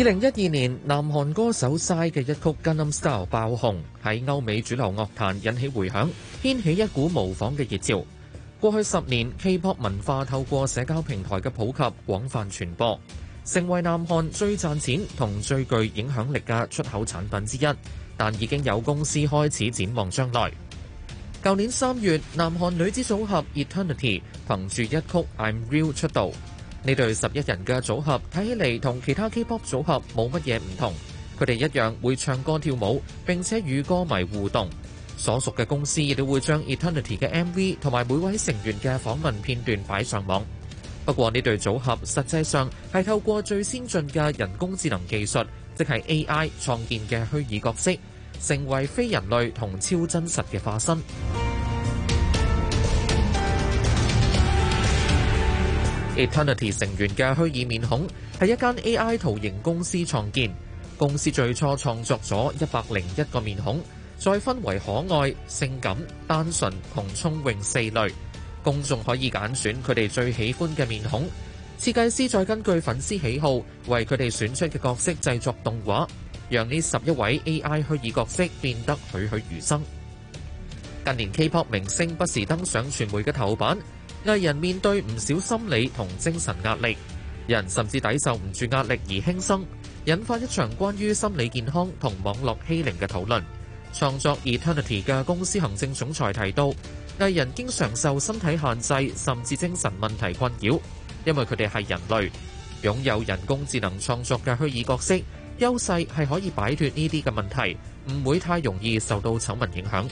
二零一二年，南韓歌手 PSY 嘅一曲 Gangnam Style 爆紅，喺歐美主流樂壇引起迴響，掀起一股模仿嘅熱潮。過去十年，K-pop 文化透過社交平台嘅普及，廣泛傳播，成為南韓最賺錢同最具影響力嘅出口產品之一。但已經有公司開始展望將來。舊年三月，南韓女子組合 Eternity 憑住一曲 I'm Real 出道。呢對十一人嘅組合睇起嚟同其他 K-pop 組合冇乜嘢唔同，佢哋一樣會唱歌跳舞，並且與歌迷互動。所屬嘅公司亦都會將 Eternity 嘅 MV 同埋每位成員嘅訪問片段擺上網。不過呢對組合實際上係透過最先進嘅人工智能技術，即係 AI 創建嘅虛擬角色，成為非人類同超真實嘅化身。Eternity 成員嘅虛擬面孔係一間 AI 圖形公司創建，公司最初創作咗一百零一個面孔，再分為可愛、性感、單純同聰穎四類，公眾可以揀選佢哋最喜歡嘅面孔，設計師再根據粉絲喜好為佢哋選出嘅角色製作動畫，讓呢十一位 AI 虛擬角色變得栩栩如生。近年 K-pop 明星不時登上傳媒嘅頭版。藝人面對唔少心理同精神壓力，人甚至抵受唔住壓力而輕生，引發一場關於心理健康同網絡欺凌嘅討論。創作 Eternity 嘅公司行政總裁提到，藝人經常受身體限制，甚至精神問題困擾，因為佢哋係人類，擁有人工智能創作嘅虛擬角色，優勢係可以擺脫呢啲嘅問題，唔會太容易受到醜聞影響。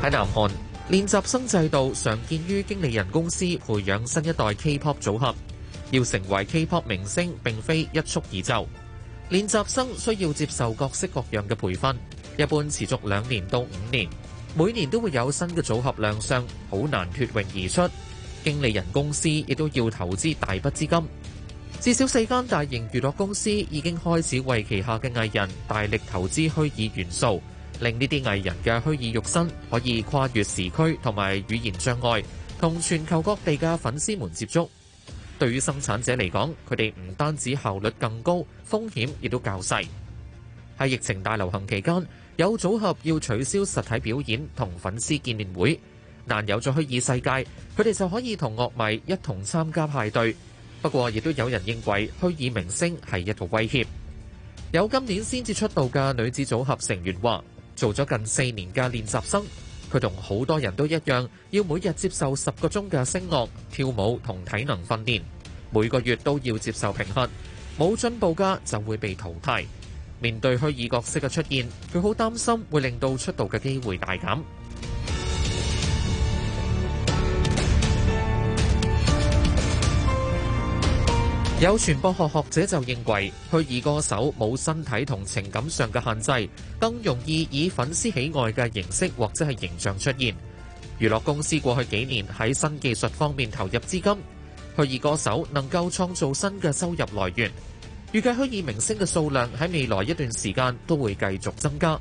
喺南韓，練習生制度常見於經理人公司培養新一代 K-pop 組合。要成為 K-pop 明星，並非一蹴而就。練習生需要接受各式各樣嘅培訓，一般持續兩年到五年，每年都會有新嘅組合亮相，好難脫穎而出。經理人公司亦都要投資大筆資金，至少四間大型娛樂公司已經開始為旗下嘅藝人大力投資虛擬元素。令呢啲藝人嘅虛擬肉身可以跨越時區同埋語言障礙，同全球各地嘅粉絲們接觸。對於生產者嚟講，佢哋唔單止效率更高，風險亦都較細。喺疫情大流行期間，有組合要取消實體表演同粉絲見面會，但有咗虛擬世界，佢哋就可以同樂迷一同參加派對。不過，亦都有人認為虛擬明星係一個威脅。有今年先至出道嘅女子組合成員話：做咗近四年嘅練習生，佢同好多人都一樣，要每日接受十個鐘嘅聲樂、跳舞同體能訓練，每個月都要接受評核，冇進步嘅就會被淘汰。面對虛擬角色嘅出現，佢好擔心會令到出道嘅機會大減。有傳播學學者就認為，虛擬歌手冇身體同情感上嘅限制，更容易以粉絲喜愛嘅形式或者係形象出現。娛樂公司過去幾年喺新技術方面投入資金，虛擬歌手能夠創造新嘅收入來源。預計虛擬明星嘅數量喺未來一段時間都會繼續增加。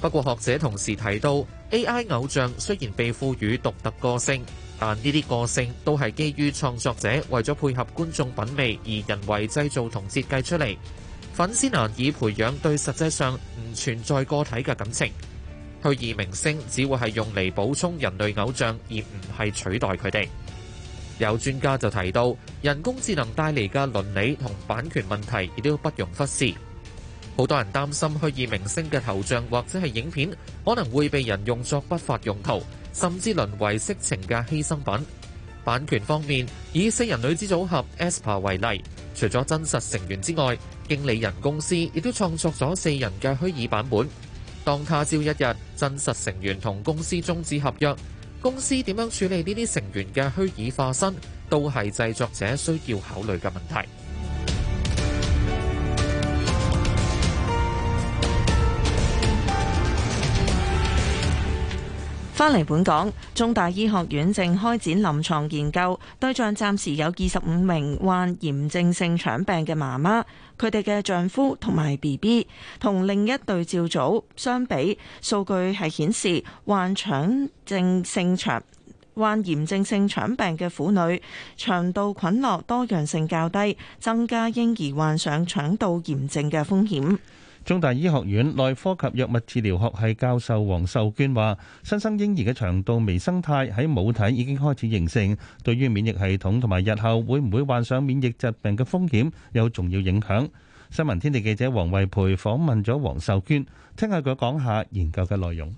不過，學者同時提到，AI 偶像雖然被賦予獨特個性。但呢啲個性都係基於創作者為咗配合觀眾品味而人為製造同設計出嚟，粉絲難以培養對實際上唔存在個體嘅感情。虛擬明星只會係用嚟補充人類偶像，而唔係取代佢哋。有專家就提到，人工智能帶嚟嘅倫理同版權問題亦都不容忽視。好多人擔心虛擬明星嘅頭像或者係影片可能會被人用作不法用途。甚至淪為色情嘅犧牲品。版權方面，以四人女子組合 aespa 為例，除咗真實成員之外，經理人公司亦都創作咗四人嘅虛擬版本。當他朝一日真實成員同公司終止合約，公司點樣處理呢啲成員嘅虛擬化身，都係製作者需要考慮嘅問題。返嚟本港，中大醫學院正開展臨床研究，對象暫時有二十五名患炎症性腸病嘅媽媽，佢哋嘅丈夫同埋 BB，同另一對照組相比，數據係顯示患腸症性腸患炎症性腸病嘅婦女，腸道菌落多樣性較低，增加嬰兒患上腸道炎症嘅風險。中大醫學院內科及藥物治療學系教授黃秀娟話：新生嬰兒嘅腸道微生態喺母體已經開始形成，對於免疫系統同埋日後會唔會患上免疫疾病嘅風險有重要影響。新聞天地記者黃慧培訪問咗黃秀娟，聽下佢講下研究嘅內容。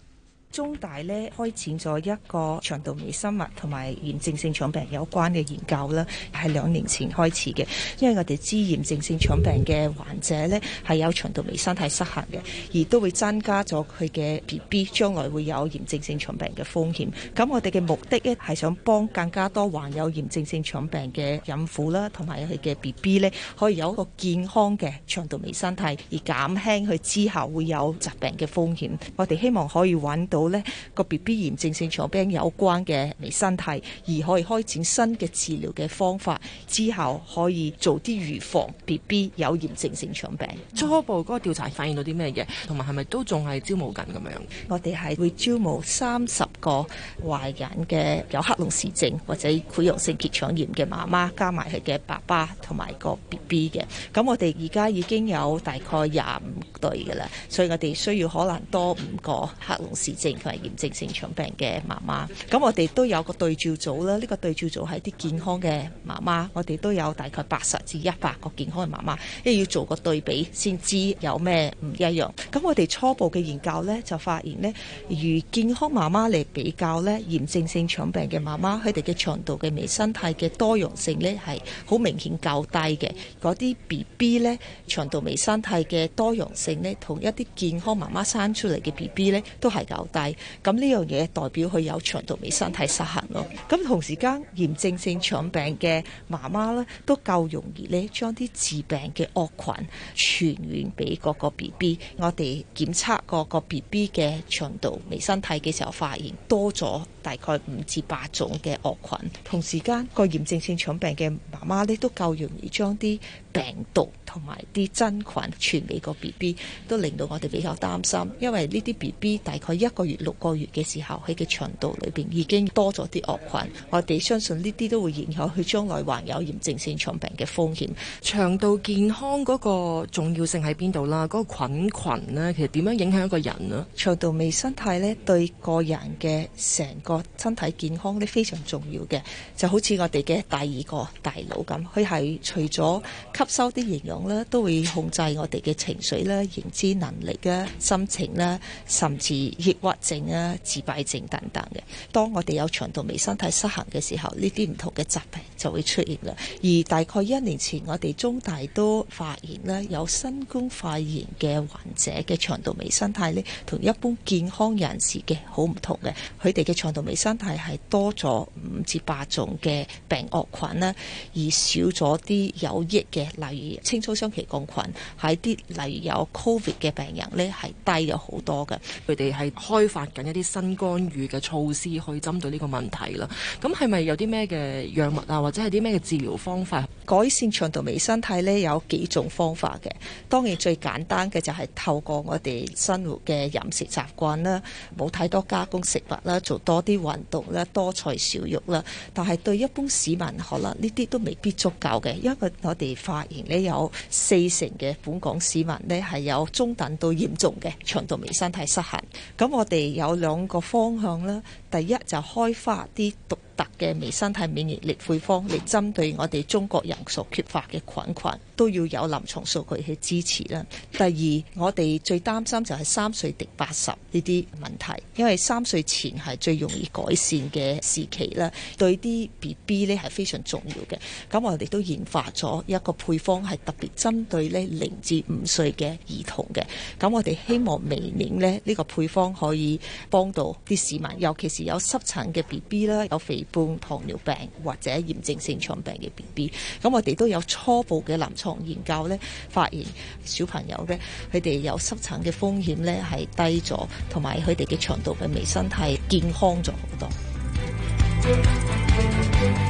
中大咧開展咗一個腸道微生物同埋炎症性腸病有關嘅研究啦，係兩年前開始嘅。因為我哋知炎症性腸病嘅患者咧係有腸道微生態失衡嘅，而都會增加咗佢嘅 BB 將來會有炎症性腸病嘅風險，咁我哋嘅目的咧係想幫更加多患有炎症性腸病嘅孕婦啦，同埋佢嘅 BB 咧可以有一個健康嘅腸道微生態，而減輕佢之後會有疾病嘅風險，我哋希望可以揾到。好咧，個 BB 炎症性腸病有關嘅微生物，而可以開展新嘅治療嘅方法，之後可以做啲預防 BB 有炎症性腸病。初步嗰個調查反映到啲咩嘢？同埋係咪都仲係招募緊咁樣？我哋係會招募三十個懷孕嘅有克隆氏症或者潰瘍性結腸炎嘅媽媽，加埋佢嘅爸爸同埋個 BB 嘅。咁我哋而家已經有大概廿五對嘅啦，所以我哋需要可能多五個克隆氏症。佢係炎症性腸病嘅媽媽，咁我哋都有個對照組啦。呢個對照組係啲健康嘅媽媽，我哋都有大概八十至一百個健康嘅媽媽，因為要做個對比先知有咩唔一樣。咁我哋初步嘅研究呢，就發現呢，如健康媽媽嚟比較呢，炎症性腸病嘅媽媽，佢哋嘅腸道嘅微生態嘅多樣性呢係好明顯較低嘅。嗰啲 B B 呢，腸道微生態嘅多樣性呢，同一啲健康媽媽生出嚟嘅 B B 呢，都係較低。咁呢樣嘢代表佢有腸道微生態失衡咯。咁同時間，炎症性腸病嘅媽媽咧，都較容易咧，將啲致病嘅惡菌傳染俾嗰個 B B。我哋檢測嗰個 B B 嘅腸道微生態嘅時候，發現多咗大概五至八種嘅惡菌。同時間，個炎症性腸病嘅媽媽咧，都較容易將啲病毒。同埋啲真菌傳俾個 B B，都令到我哋比較擔心，因為呢啲 B B 大概一個月六個月嘅時候，佢嘅腸道裏邊已經多咗啲惡菌，我哋相信呢啲都會影響佢將來患有炎症性腸病嘅風險。腸道健康嗰個重要性喺邊度啦？嗰個菌群咧，其實點樣影響一個人啊？腸道微生態咧，對個人嘅成個身體健康咧非常重要嘅，就好似我哋嘅第二個大腦咁，佢係除咗吸收啲營養。都會控制我哋嘅情緒咧、認知能力啊、心情咧，甚至抑鬱症啊、自閉症等等嘅。當我哋有腸道微生態失衡嘅時候，呢啲唔同嘅疾病就會出現啦。而大概一年前，我哋中大都發現咧，有新冠肺炎嘅患者嘅腸道微生態咧，同一般健康人士嘅好唔同嘅，佢哋嘅腸道微生態係多咗五至八種嘅病惡菌啦，而少咗啲有益嘅，例如清高雙歧桿菌喺啲例如有 COVID 嘅病人呢係低咗好多嘅。佢哋係開發緊一啲新干預嘅措施，去以針對呢個問題啦。咁係咪有啲咩嘅藥物啊，或者係啲咩嘅治療方法改善腸道微生物呢？有幾種方法嘅。當然最簡單嘅就係透過我哋生活嘅飲食習慣啦，冇太多加工食物啦，做多啲運動啦，多菜少肉啦。但係對一般市民可能呢啲都未必足夠嘅，因為我哋發現呢有。四成嘅本港市民呢，係有中等到嚴重嘅腸道微生態失衡，咁 我哋有兩個方向啦，第一就開發啲毒。嘅微生態免疫力配方嚟針對我哋中國人所缺乏嘅菌群，都要有臨床數據去支持啦。第二，我哋最擔心就係三歲定八十呢啲問題，因為三歲前係最容易改善嘅時期啦，對啲 BB 呢係非常重要嘅。咁我哋都研發咗一個配方係特別針對咧零至五歲嘅兒童嘅。咁我哋希望明年咧呢個配方可以幫到啲市民，尤其是有濕疹嘅 BB 啦，有肥。半糖尿病或者炎症性腸病嘅 B B，咁我哋都有初步嘅臨床研究咧，發現小朋友咧，佢哋有濕疹嘅風險咧係低咗，同埋佢哋嘅腸道嘅微生態健康咗好多。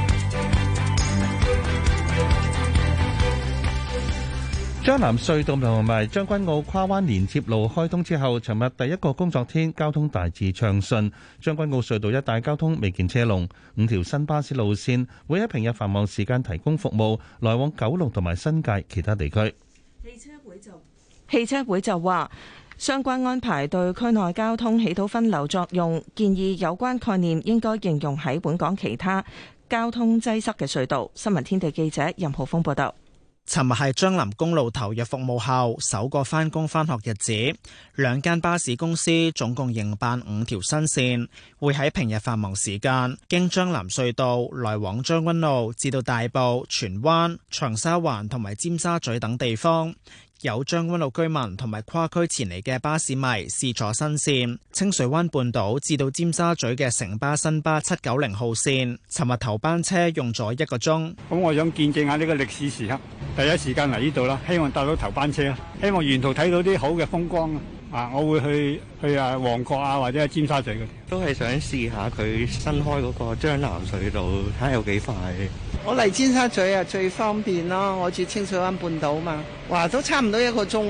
將藍隧道同埋將軍澳跨灣連接路開通之後，尋日第一個工作天交通大致暢順，將軍澳隧道一帶交通未見車龍。五條新巴士路線會喺平日繁忙時間提供服務，來往九龍同埋新界其他地區。汽車會就汽車會就話，相關安排對區內交通起到分流作用，建議有關概念應該應用喺本港其他交通擠塞嘅隧道。新聞天地記者任浩峰報道。尋日係將藍公路投入服務後首個返工返學日子，兩間巴士公司總共營辦五條新線，會喺平日繁忙時間經將藍隧道來往將軍澳至到大埔、荃灣、長沙灣同埋尖沙咀等地方。有將軍澳居民同埋跨區前嚟嘅巴士迷試坐新線，清水灣半島至到尖沙咀嘅城巴新巴七九零號線，尋日頭班車用咗一個鐘。咁我想見證下呢個歷史時刻，第一時間嚟呢度啦，希望搭到頭班車，希望沿途睇到啲好嘅風光啊！啊，我會去去啊旺角啊，或者係尖沙咀都係想試下佢新開嗰個將藍隧道，睇下有幾快。我嚟尖沙咀啊，最方便咯！我住清水灣半島嘛，哇，都差唔多一個鐘，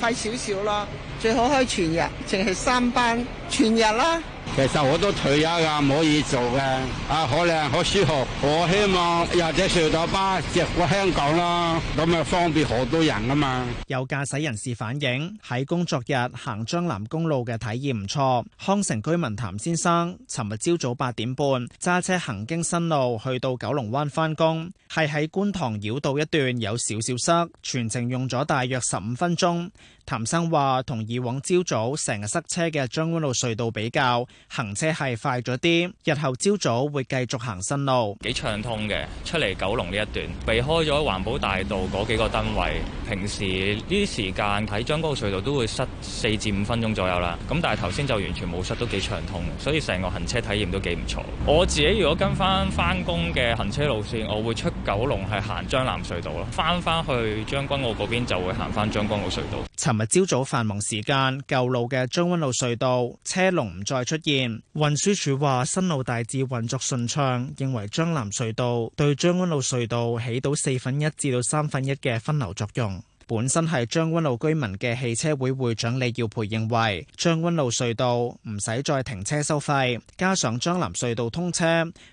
快少少咯，點點最好開全日，淨係三班全日啦。其實我都退休噶，唔可以做嘅，啊，好靚，好舒服。我希望有者隧道巴直過香港啦，咁啊方便好多人啊嘛。有駕駛人士反映喺工作日行張南公路嘅體驗唔錯。康城居民譚先生尋日朝早八點半揸車行經新路去到九龍灣返工，係喺觀塘繞道一段有少少塞，全程用咗大約十五分鐘。譚生話：同以往朝早成日塞車嘅將軍澳隧道比較，行車係快咗啲。日後朝早會繼續行新路，幾暢通嘅。出嚟九龍呢一段，避開咗環保大道嗰幾個燈位。平時呢啲時間睇，將軍澳隧道都會塞四至五分鐘左右啦。咁但係頭先就完全冇塞，都幾暢通。所以成個行車體驗都幾唔錯。 我自己如果跟翻翻工嘅行車路線，我會出九龍係行將南隧道咯，翻翻去將軍澳嗰邊就會行翻將軍澳隧道。 琴日朝早繁忙時間，舊路嘅將軍澳隧道車龍唔再出現。運輸署話新路大致運作順暢，認為將藍隧道對將軍澳隧道起到四分一至到三分一嘅分流作用。本身係將軍澳居民嘅汽車會會長李耀培認為，將軍澳隧道唔使再停車收費，加上將藍隧道通車，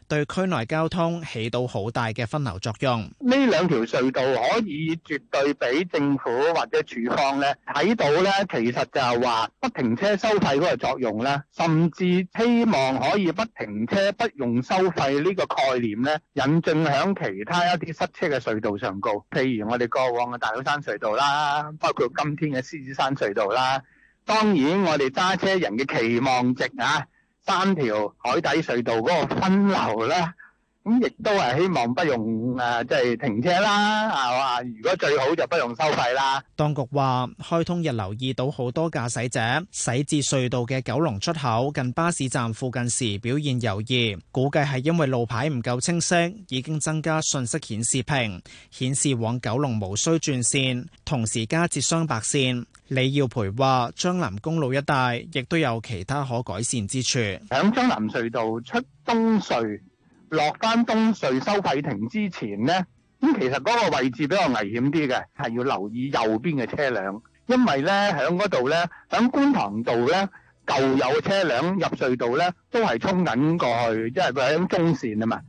對區內交通起到好大嘅分流作用。呢兩條隧道可以絕對俾政府或者署方咧睇到咧，其實就係話不停車收費嗰個作用咧，甚至希望可以不停車不用收費呢個概念咧，引進響其他一啲塞車嘅隧道上高，譬如我哋過往嘅大老山隧道。啦，包括今天嘅獅子山隧道啦，當然我哋揸車人嘅期望值啊，三條海底隧道嗰個分流呢。咁亦都係希望不用誒，即、啊、係、就是、停車啦啊！如果最好就不用收費啦。當局話開通日留意到好多駕駛者駛至隧道嘅九龍出口近巴士站附近時表現猶豫，估計係因為路牌唔夠清晰，已經增加信息顯示屏顯示往九龍無需轉線，同時加設雙白線。李耀培話，將南公路一帶亦都有其他可改善之處。響將南隧道出東隧。落翻東隧收費亭之前呢，咁其實嗰個位置比較危險啲嘅，係要留意右邊嘅車輛，因為呢，喺嗰度呢，喺觀塘道呢，舊有車輛入隧道呢，都係衝緊過去，因為佢係喺中線啊嘛。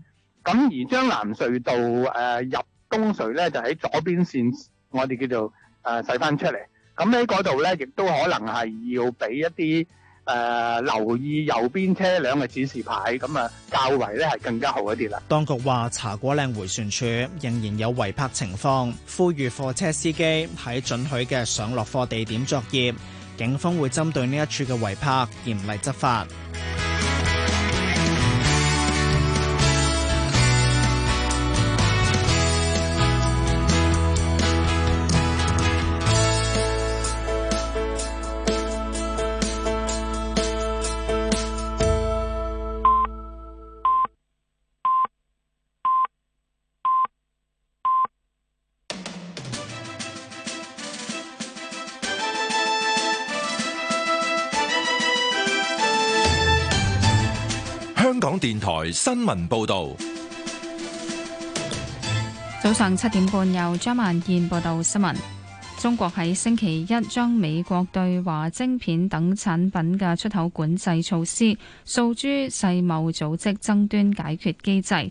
咁而將藍隧道誒、啊、入東隧呢，就喺左邊線，我哋叫做誒、啊、使翻出嚟。咁喺嗰度呢，亦都可能係要俾一啲。誒、呃、留意右邊車輛嘅指示牌，咁啊較為咧係更加好一啲啦。當局話，茶果嶺回旋處仍然有違泊情況，呼籲貨車司機喺准許嘅上落貨地點作業。警方會針對呢一處嘅違泊嚴厲執法。新聞報道。早上七點半由，由張萬燕報道新聞。中國喺星期一將美國對華晶片等產品嘅出口管制措施訴諸世貿組織爭端解決機制。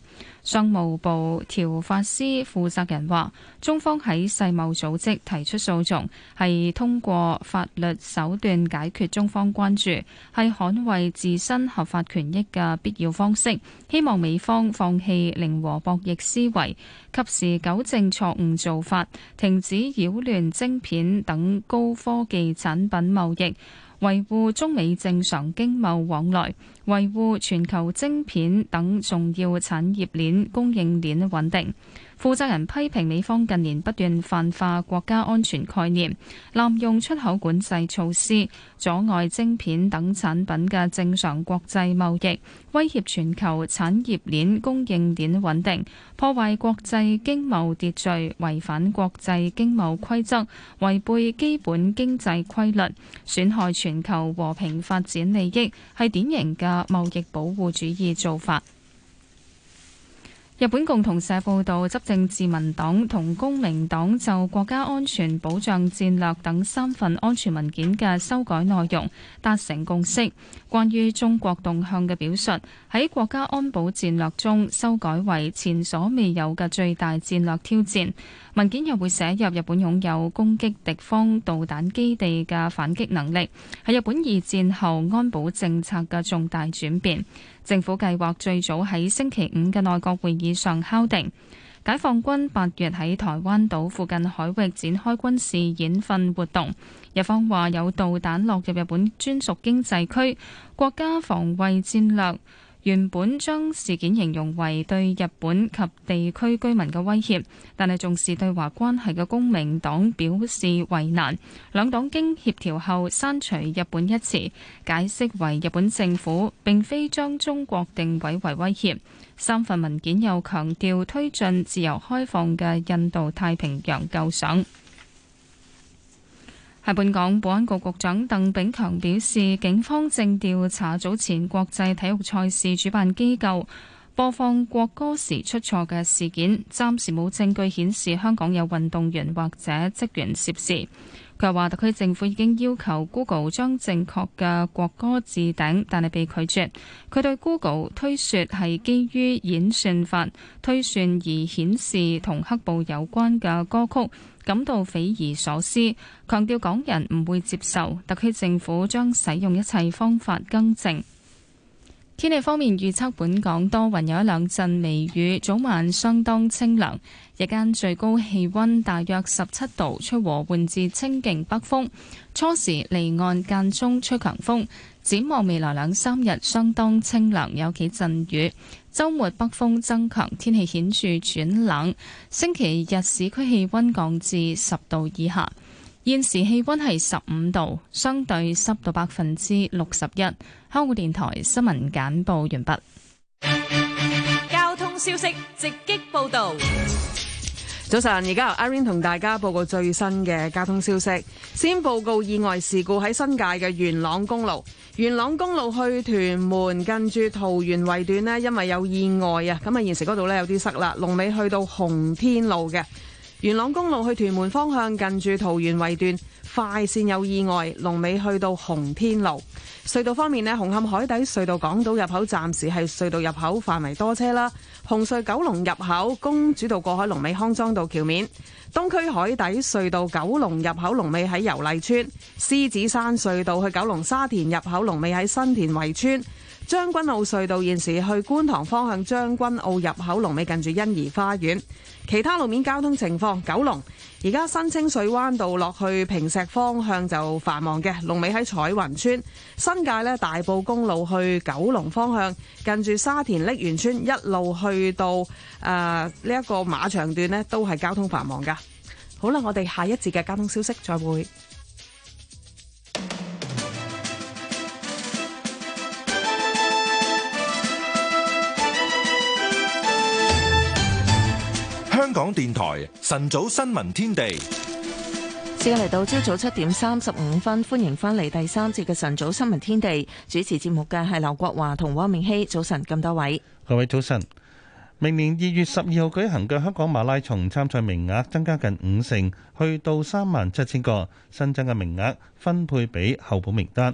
商務部條法司負責人話，中方喺世貿組織提出訴訟，係通過法律手段解決中方關注，係捍衛自身合法權益嘅必要方式。希望美方放棄零和博弈思維，及時糾正錯誤做法，停止擾亂晶片等高科技產品貿易，維護中美正常經貿往來。維護全球晶片等重要產業鏈供應鏈穩定。負責人批評美方近年不斷泛化國家安全概念，濫用出口管制措施，阻礙晶片等產品嘅正常國際貿易，威脅全球產業鏈供應鏈穩定，破壞國際經貿秩序，違反國際經貿規則，違背基本經濟規律，損害全球和平發展利益，係典型嘅貿易保護主義做法。日本共同社報道，執政自民黨同公明黨就國家安全保障戰略等三份安全文件嘅修改內容達成共識。關於中國動向嘅表述，喺國家安保戰略中修改為前所未有嘅最大戰略挑戰。文件又會寫入日本擁有攻擊敵方導彈基地嘅反擊能力，係日本二戰後安保政策嘅重大轉變。政府計劃最早喺星期五嘅內閣會議上敲定。解放軍八月喺台灣島附近海域展開軍事演訓活動，日方話有導彈落入日本專屬經濟區。國家防衛戰略。原本將事件形容為對日本及地區居民嘅威脅，但係重視對華關係嘅公明黨表示為難。兩黨經協調後刪除日本一詞，解釋為日本政府並非將中國定位為威脅。三份文件又強調推進自由開放嘅印度太平洋構想。本港保安局局長鄧炳強表示，警方正調查早前國際體育賽事主辦機構播放國歌時出錯嘅事件，暫時冇證據顯示香港有運動員或者職員涉事。佢話特區政府已經要求 Google 將正確嘅國歌置頂，但係被拒絕。佢對 Google 推說係基於演算法推算而顯示同黑暴有關嘅歌曲感到匪夷所思，強調港人唔會接受，特區政府將使用一切方法更正。天氣方面，預測本港多雲有一兩陣微雨，早晚相當清涼，日間最高氣温大約十七度，吹和緩至清勁北風，初時離岸間中吹強風，展望未來兩三日相當清涼，有幾陣雨。周末北風增強，天氣顯著轉冷。星期日市區氣溫降至十度以下。現時氣溫係十五度，相對濕度百分之六十一。香港電台新聞簡報完畢。交通消息直擊報導。早晨，而家由 Irene 同大家報告最新嘅交通消息。先報告意外事故，喺新界嘅元朗公路，元朗公路去屯門近住桃園圍段呢，因為有意外啊，咁啊現時嗰度呢，有啲塞啦，龍尾去到洪天路嘅。元朗公路去屯門方向近住桃園圍段快線有意外，龍尾去到紅天路隧道方面咧，紅磡海底隧道港島入口暫時係隧道入口範圍多車啦。紅隧九龍入口公主道過海龍尾康莊道橋面，東區海底隧道九龍入口龍尾喺油麗村，獅子山隧道去九龍沙田入口龍尾喺新田圍村，將軍澳隧道現時去觀塘方向將軍澳入口龍尾近住欣怡花園。其他路面交通情況，九龍而家新清水灣道落去坪石方向就繁忙嘅，龍尾喺彩雲村，新界咧，大埔公路去九龍方向，近住沙田瀝源村一路去到誒呢一個馬場段呢都係交通繁忙㗎。好啦，我哋下一節嘅交通消息，再會。香港電台晨早新聞天地，時間嚟到朝早七點三十五分，歡迎翻嚟第三節嘅晨早新聞天地。主持節目嘅係劉國華同汪明熙，早晨咁多位，各位早晨。明年二月十二號舉行嘅香港馬拉松參賽名額增加近五成，去到三萬七千個，新增嘅名額分配俾候補名單。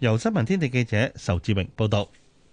由新聞天地記者仇志榮報道。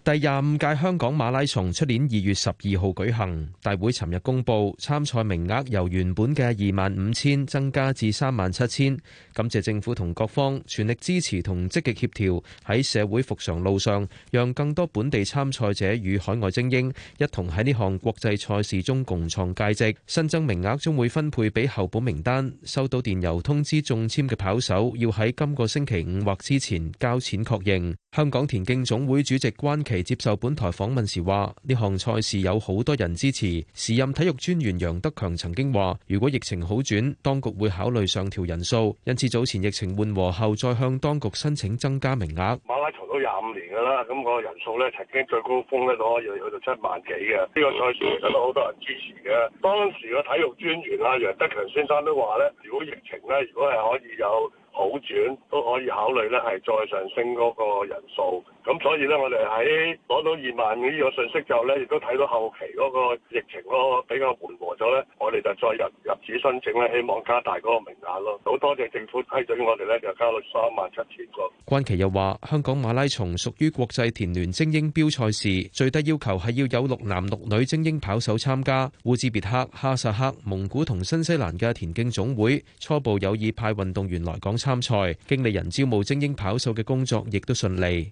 第廿五屆香港馬拉松出年二月十二號舉行，大會尋日公布參賽名額由原本嘅二萬五千增加至三萬七千，感謝政府同各方全力支持同積極協調，喺社會復常路上，讓更多本地參賽者與海外精英一同喺呢項國際賽事中共創佳績。新增名額將會分配俾候補名單，收到電郵通知中簽嘅跑手要喺今個星期五或之前交錢確認。香港田徑總會主席關其。接受本台訪問時話，呢項賽事有好多人支持。時任體育專員楊德強曾經話，如果疫情好轉，當局會考慮上調人數，因此早前疫情緩和後再向當局申請增加名額。馬拉松都廿五年噶啦，咁個人數咧，曾經最高峰咧都可以去到七萬幾嘅。呢個賽事其實都好多人支持嘅。當時個體育專員啊楊德強先生都話咧，如果疫情咧如果係可以有好轉，都可以考慮咧係再上升嗰個人數。咁所以咧，我哋喺攞到二萬呢個信息之後咧，亦都睇到後期嗰個疫情嗰個比較緩和咗咧，我哋就再入入紙申請咧，希望加大嗰個名額咯。好多謝政府批准我哋咧，就加到三萬七千個。關琦又話：香港馬拉松屬於國際田聯精英標賽事，最低要求係要有六男六女精英跑手參加。烏茲別克、哈薩克、蒙古同新西蘭嘅田徑總會初步有意派運動員來港參賽，經理人招募精英跑手嘅工作亦都順利。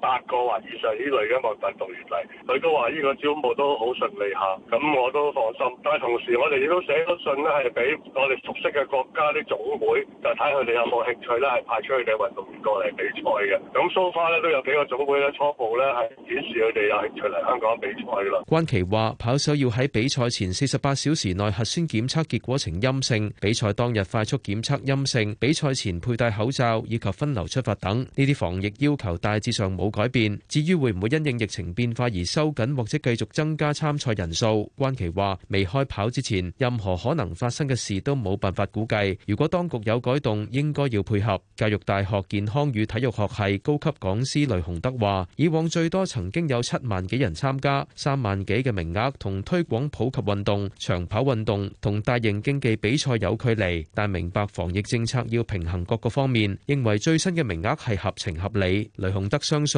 八個或以上呢類嘅運動員嚟，佢都話呢個招募都好順利下，咁我都放心。但係同時我哋亦都寫咗信呢係俾我哋熟悉嘅國家啲總會，就睇佢哋有冇興趣咧，係派出去嘅運動員過嚟比賽嘅。咁蘇花呢都有幾個總會咧，初步咧係顯示佢哋有興趣嚟香港比賽啦。關其話，跑手要喺比賽前四十八小時內核酸檢測結果呈陰性，比賽當日快速檢測陰性，比賽前佩戴口罩以及分流出發等呢啲防疫要求大致上冇改變，至於會唔會因應疫情變化而收緊或者繼續增加參賽人數？關琪話：未開跑之前，任何可能發生嘅事都冇辦法估計。如果當局有改動，應該要配合。教育大學健康與體育學系高級講師雷洪德話：以往最多曾經有七萬幾人參加，三萬幾嘅名額同推廣普及運動、長跑運動同大型競技比賽有距離，但明白防疫政策要平衡各個方面，認為最新嘅名額係合情合理。雷洪德相信。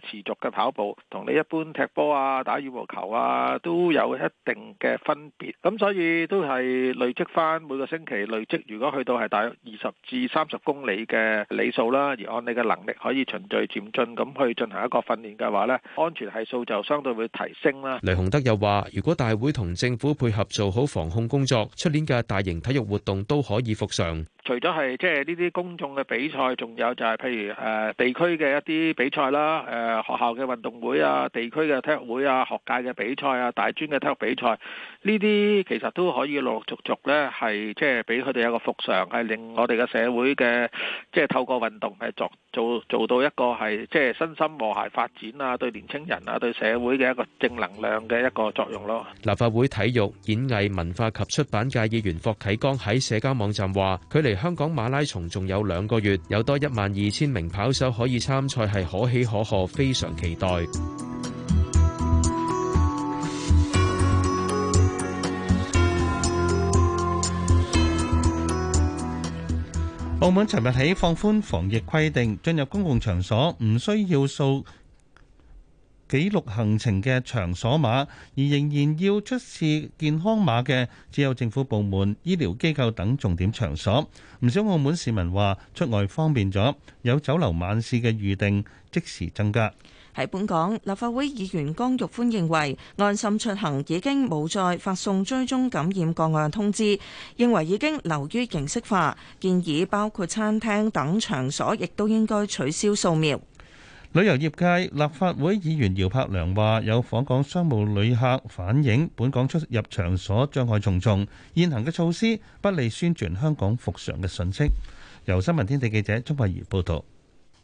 持續嘅跑步同你一般踢波啊、打羽毛球啊都有一定嘅分別，咁所以都係累積翻每個星期累積，如果去到係大約二十至三十公里嘅里數啦，而按你嘅能力可以循序漸進咁去進行一個訓練嘅話咧，安全係數就相對會提升啦。雷洪德又話，如果大會同政府配合做好防控工作，出年嘅大型體育活動都可以復常。除咗係即係呢啲公眾嘅比賽，仲有就係譬如誒、呃、地區嘅一啲比賽啦，誒、呃、學校嘅運動會啊，地區嘅體育會啊，學界嘅比賽啊，大專嘅體育比賽。呢啲其實都可以陸陸續續咧，係即係俾佢哋一個復常，係令我哋嘅社會嘅，即係透過運動係做做做到一個係即係身心和諧發展啊，對年青人啊，對社會嘅一個正能量嘅一個作用咯。立法會體育、演藝、文化及出版界議員霍啟剛喺社交網站話：距離香港馬拉松仲有兩個月，有多一萬二千名跑手可以參賽，係可喜可賀，非常期待。澳門尋日起放寬防疫規定，進入公共場所唔需要掃記錄行程嘅場所碼，而仍然要出示健康碼嘅，只有政府部門、醫療機構等重點場所。唔少澳門市民話，出外方便咗，有酒樓晚市嘅預定即時增加。喺本港，立法會議員江玉歡認為安心出行已經冇再發送追蹤感染個案通知，認為已經流於形式化，建議包括餐廳等場所亦都應該取消掃描。旅遊業界立法會議員姚柏良話：有訪港商務旅客反映，本港出入場所障礙重重，現行嘅措施不利宣傳香港復常嘅訊息。由新聞天地記者鍾慧如報道。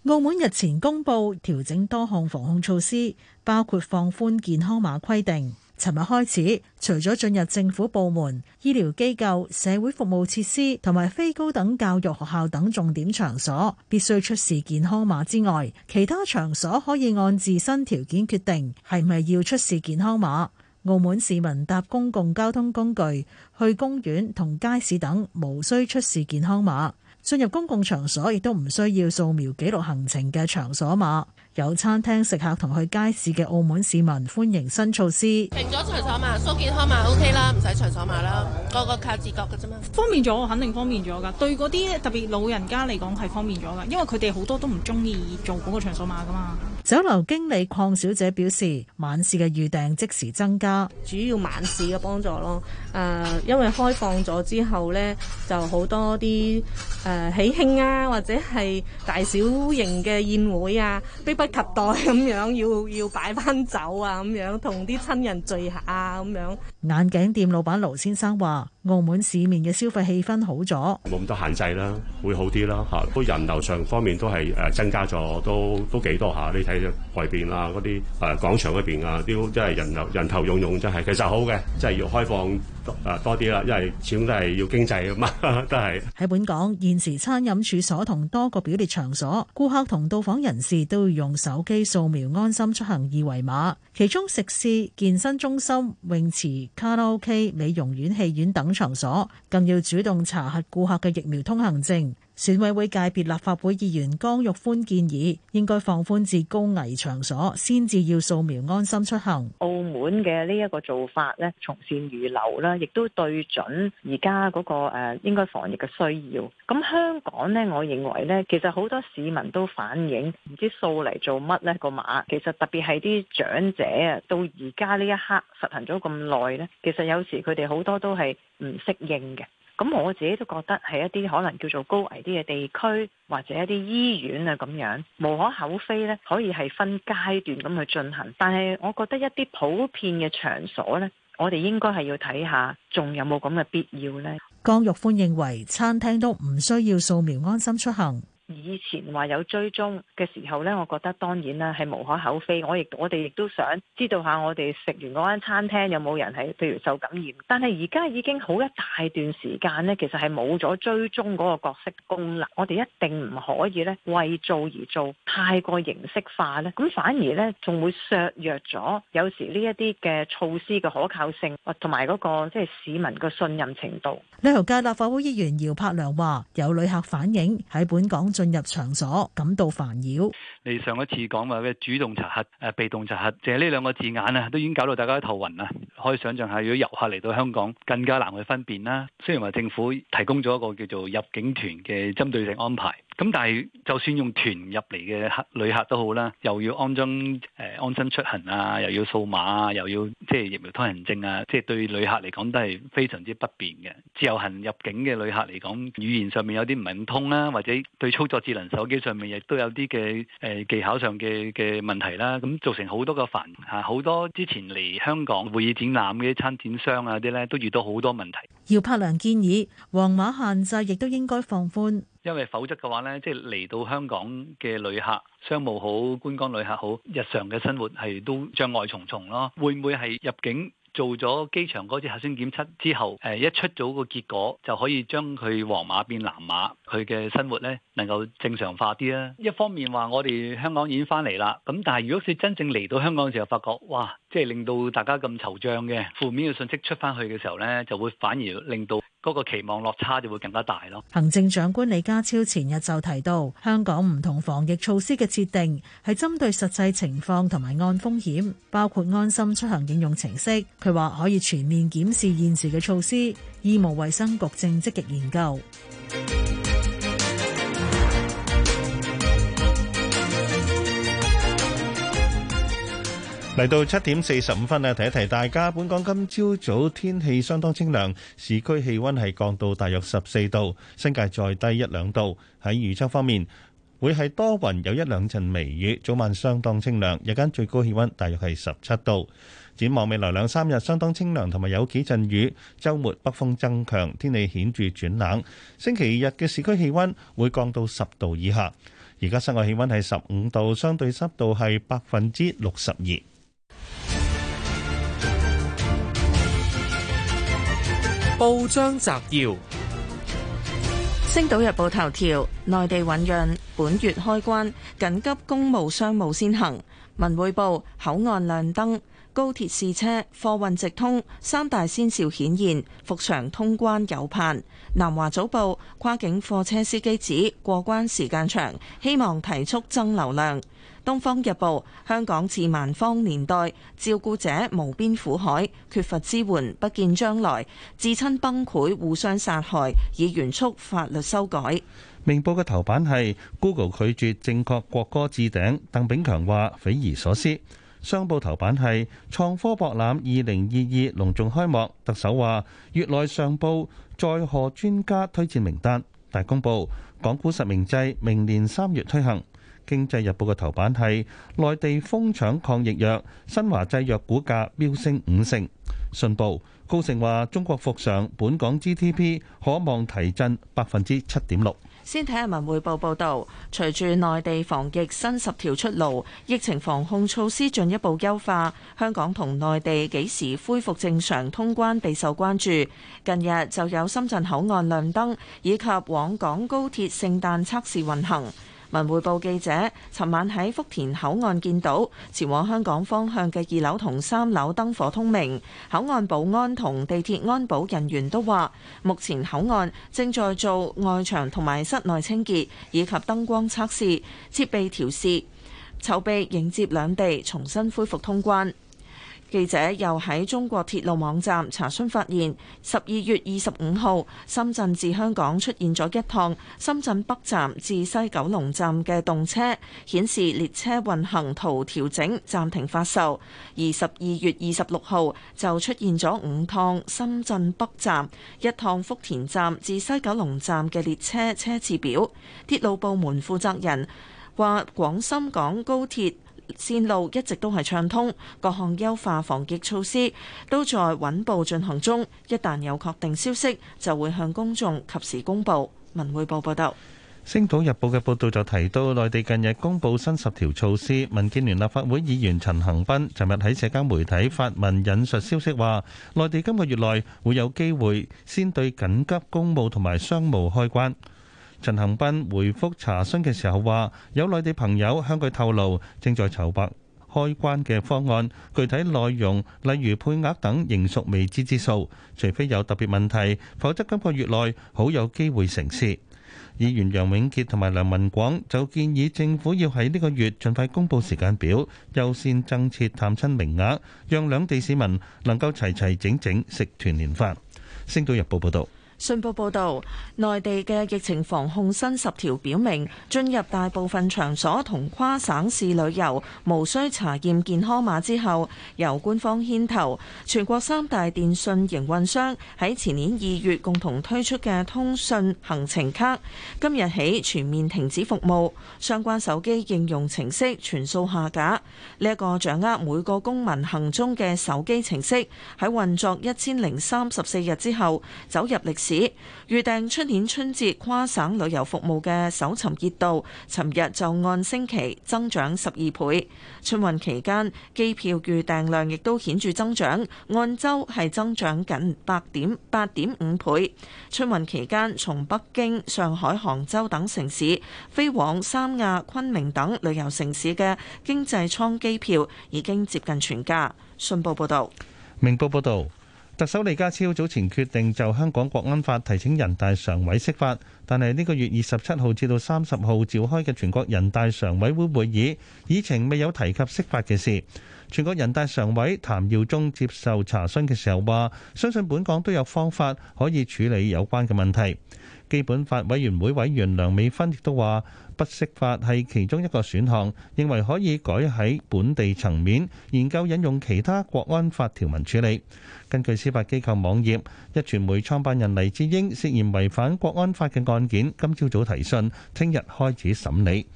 澳門日前公布調整多項防控措施，包括放寬健康碼規定。尋日開始，除咗進入政府部門、醫療機構、社會服務設施同埋非高等教育學校等重點場所必須出示健康碼之外，其他場所可以按自身條件決定係咪要出示健康碼。澳門市民搭公共交通工具去公園同街市等，無需出示健康碼。進入公共場所亦都唔需要掃描記錄行程嘅場所碼。有餐廳食客同去街市嘅澳門市民歡迎新措施，停咗場所碼，疏健康碼 O K 啦，唔使場所碼啦，個個靠自覺噶啫嘛。方便咗，肯定方便咗噶。對嗰啲特別老人家嚟講係方便咗噶，因為佢哋好多都唔中意做嗰個場所碼噶嘛。酒樓經理鄺小姐表示，晚市嘅預訂即時增加，主要晚市嘅幫助咯。誒、呃，因為開放咗之後咧，就好多啲誒、呃、喜慶啊，或者係大小型嘅宴會啊，及待咁樣，要要擺翻酒啊咁樣，同啲親人聚下啊咁樣。眼鏡店老闆盧先生話，澳門市面嘅消費氣氛好咗，冇咁多限制啦，會好啲啦嚇。都人流上方面都係誒增加咗，都都幾多下。你睇下外邊啊，嗰啲誒廣場嗰邊啊，都真係人流人頭湧湧，真係其實好嘅，即係要開放多誒多啲啦。因為始終都係要經濟啊嘛，都係喺本港現時餐飲處所同多個表列場所，顧客同到訪人士都要用手機掃描安心出行二維碼，其中食肆、健身中心、泳池。卡拉 OK、美容院、戲院等場所，更要主動查核顧客嘅疫苗通行證。選委會界別立法會議員江玉歡建議，應該放寬至高危場所先至要掃描安心出行。澳門嘅呢一個做法咧，從善如流啦，亦都對準而家嗰個誒，應該防疫嘅需要。咁香港呢，我認為呢，其實好多市民都反映，唔知掃嚟做乜呢個碼。其實特別係啲長者啊，到而家呢一刻實行咗咁耐呢，其實有時佢哋好多都係唔適應嘅。咁我自己都覺得係一啲可能叫做高危啲嘅地區，或者一啲醫院啊咁樣，無可厚非咧，可以係分階段咁去進行。但係我覺得一啲普遍嘅場所咧，我哋應該係要睇下，仲有冇咁嘅必要呢。江玉歡認為餐廳都唔需要掃描安心出行。以前話有追蹤嘅時候呢，我覺得當然啦，係無可厚非。我亦我哋亦都想知道下，我哋食完嗰間餐廳有冇人係譬如受感染。但係而家已經好一大段時間呢，其實係冇咗追蹤嗰個角色功能。我哋一定唔可以呢，為做而做，太過形式化呢。咁反而呢，仲會削弱咗有時呢一啲嘅措施嘅可靠性，同埋嗰個即係市民嘅信任程度。旅遊界立法會議員姚柏良話：有旅客反映喺本港。進入場所感到煩擾。你上一次講話嘅主動查核誒，被動查核，就係呢兩個字眼啊，都已經搞到大家頭暈啦。可以想象下，如果遊客嚟到香港，更加難去分辨啦。雖然話政府提供咗一個叫做入境團嘅針對性安排。咁但係就算用團入嚟嘅客旅客都好啦，又要安裝誒、呃、安心出行啊，又要掃碼，又要即係疫苗通行證啊，即係對旅客嚟講都係非常之不便嘅。自由行入境嘅旅客嚟講，語言上面有啲唔係咁通啦，或者對操作智能手機上面亦都有啲嘅誒技巧上嘅嘅問題啦，咁造成好多嘅煩吓。好多之前嚟香港會議展覽嘅參展商啊啲咧，都遇到好多問題。姚柏良建議，黃碼限制亦都應該放寬。因為否則嘅話呢，即係嚟到香港嘅旅客，商務好、觀光旅客好，日常嘅生活係都障礙重重咯。會唔會係入境做咗機場嗰啲核酸檢測之後，誒一出咗個結果就可以將佢黃碼變藍碼，佢嘅生活呢能夠正常化啲啊？一方面話我哋香港已經翻嚟啦，咁但係如果佢真正嚟到香港嘅時候，發覺哇，即係令到大家咁惆悵嘅負面嘅信息出翻去嘅時候呢，就會反而令到。嗰個期望落差就會更加大咯。行政長官李家超前日就提到，香港唔同防疫措施嘅設定係針對實際情況同埋按風險，包括安心出行應用程式。佢話可以全面檢視現時嘅措施，醫務衛生局正積極研究。嚟到七點四十五分咧，提一提大家。本港今朝早天氣相當清涼，市區氣溫係降到大約十四度，新界再低一兩度。喺預測方面，會係多雲，有一兩陣微雨，早晚相當清涼。日間最高氣溫大約係十七度。展望未來兩三日相當清涼，同埋有幾陣雨。週末北風增強，天氣顯著轉冷。星期日嘅市區氣溫會降到十度以下。而家室外氣溫係十五度，相對濕度係百分之六十二。報章摘要：《星島日報頭條》頭條，內地醞釀，本月開關，緊急公務商務先行。《文匯報》口岸亮燈，高鐵試車，貨運直通，三大先兆顯現，復常通關有盼。《南華早報》跨境貨車司機指過關時間長，希望提速增流量。《東方日報》香港自萬方年代，照顧者無邊苦海，缺乏支援，不見將來，至親崩潰，互相殺害，以原促法律修改。《明報》嘅頭版係 Google 拒絕正確國歌置頂，鄧炳強話匪夷所思。商報頭版係創科博覽二零二二隆重開幕，特首話月內上報再何專家推薦名單。大公報，港股實名制明年三月推行。《經濟日報》嘅頭版係內地瘋搶抗疫藥，新華製藥股價飆升五成。信報高盛話中國復常，本港 GDP 可望提振百分之七點六。先睇下文匯報報道，隨住內地防疫新十條出爐，疫情防控措施進一步優化，香港同內地幾時恢復正常通關備受關注。近日就有深圳口岸亮燈，以及往港高鐵聖誕測試運行。文匯報記者尋晚喺福田口岸見到前往香港方向嘅二樓同三樓燈火通明，口岸保安同地鐵安保人員都話，目前口岸正在做外牆同埋室內清潔，以及燈光測試、設備調試，籌備迎接兩地重新恢復通關。記者又喺中國鐵路網站查詢發現，十二月二十五號深圳至香港出現咗一趟深圳北站至西九龍站嘅動車，顯示列車運行圖調整暫停發售；而十二月二十六號就出現咗五趟深圳北站、一趟福田站至西九龍站嘅列車車次表。鐵路部門負責人話：廣深港高鐵，線路一直都係暢通，各項優化防疫措施都在穩步進行中。一旦有確定消息，就會向公眾及時公佈。文匯報報導。《星島日報》嘅報導就提到，內地近日公布新十條措施。民建聯立法會議員陳恒鑌尋日喺社交媒體發文引述消息，話內地今個月內會有機會先對緊急公務同埋商務開關。陳恒鑌回覆查詢嘅時候話，有內地朋友向佢透露，正在籌劃開關嘅方案，具體內容例如配額等仍屬未知之數。除非有特別問題，否則今個月內好有機會成事。議員楊永杰同埋梁文廣就建議政府要喺呢個月盡快公布時間表，優先增設探親名額，讓兩地市民能夠齊齊整整食團年飯。星島日報報道。信報報導，內地嘅疫情防控新十條表明，進入大部分場所同跨省市旅遊無需查驗健康碼之後，由官方牽頭，全國三大電訊營運商喺前年二月共同推出嘅通訊行程卡，今日起全面停止服務，相關手機應用程式全數下架。呢一個掌握每個公民行蹤嘅手機程式，喺運作一千零三十四日之後，走入歷史。預訂出年春節跨省旅遊服務嘅搜尋熱度，尋日就按星期增長十二倍。春運期間，機票預訂量亦都顯著增長，按周係增長近八點八點五倍。春運期間，從北京、上海、杭州等城市飛往三亞、昆明等旅遊城市嘅經濟艙機票已經接近全價。信報報道，明報報道。特首李家超早前決定就香港國安法提請人大常委釋法，但係呢個月二十七號至到三十號召開嘅全國人大常委會會議，議程未有提及釋法嘅事。全國人大常委譚耀宗接受查詢嘅時候話，相信本港都有方法可以處理有關嘅問題。基本法委員會委員梁美芬亦都話，不適法係其中一個選項，認為可以改喺本地層面研究引用其他國安法條文處理。根據司法機構網頁，一傳媒創辦人黎智英涉嫌違反國安法嘅案件，今朝早提訊，聽日開始審理。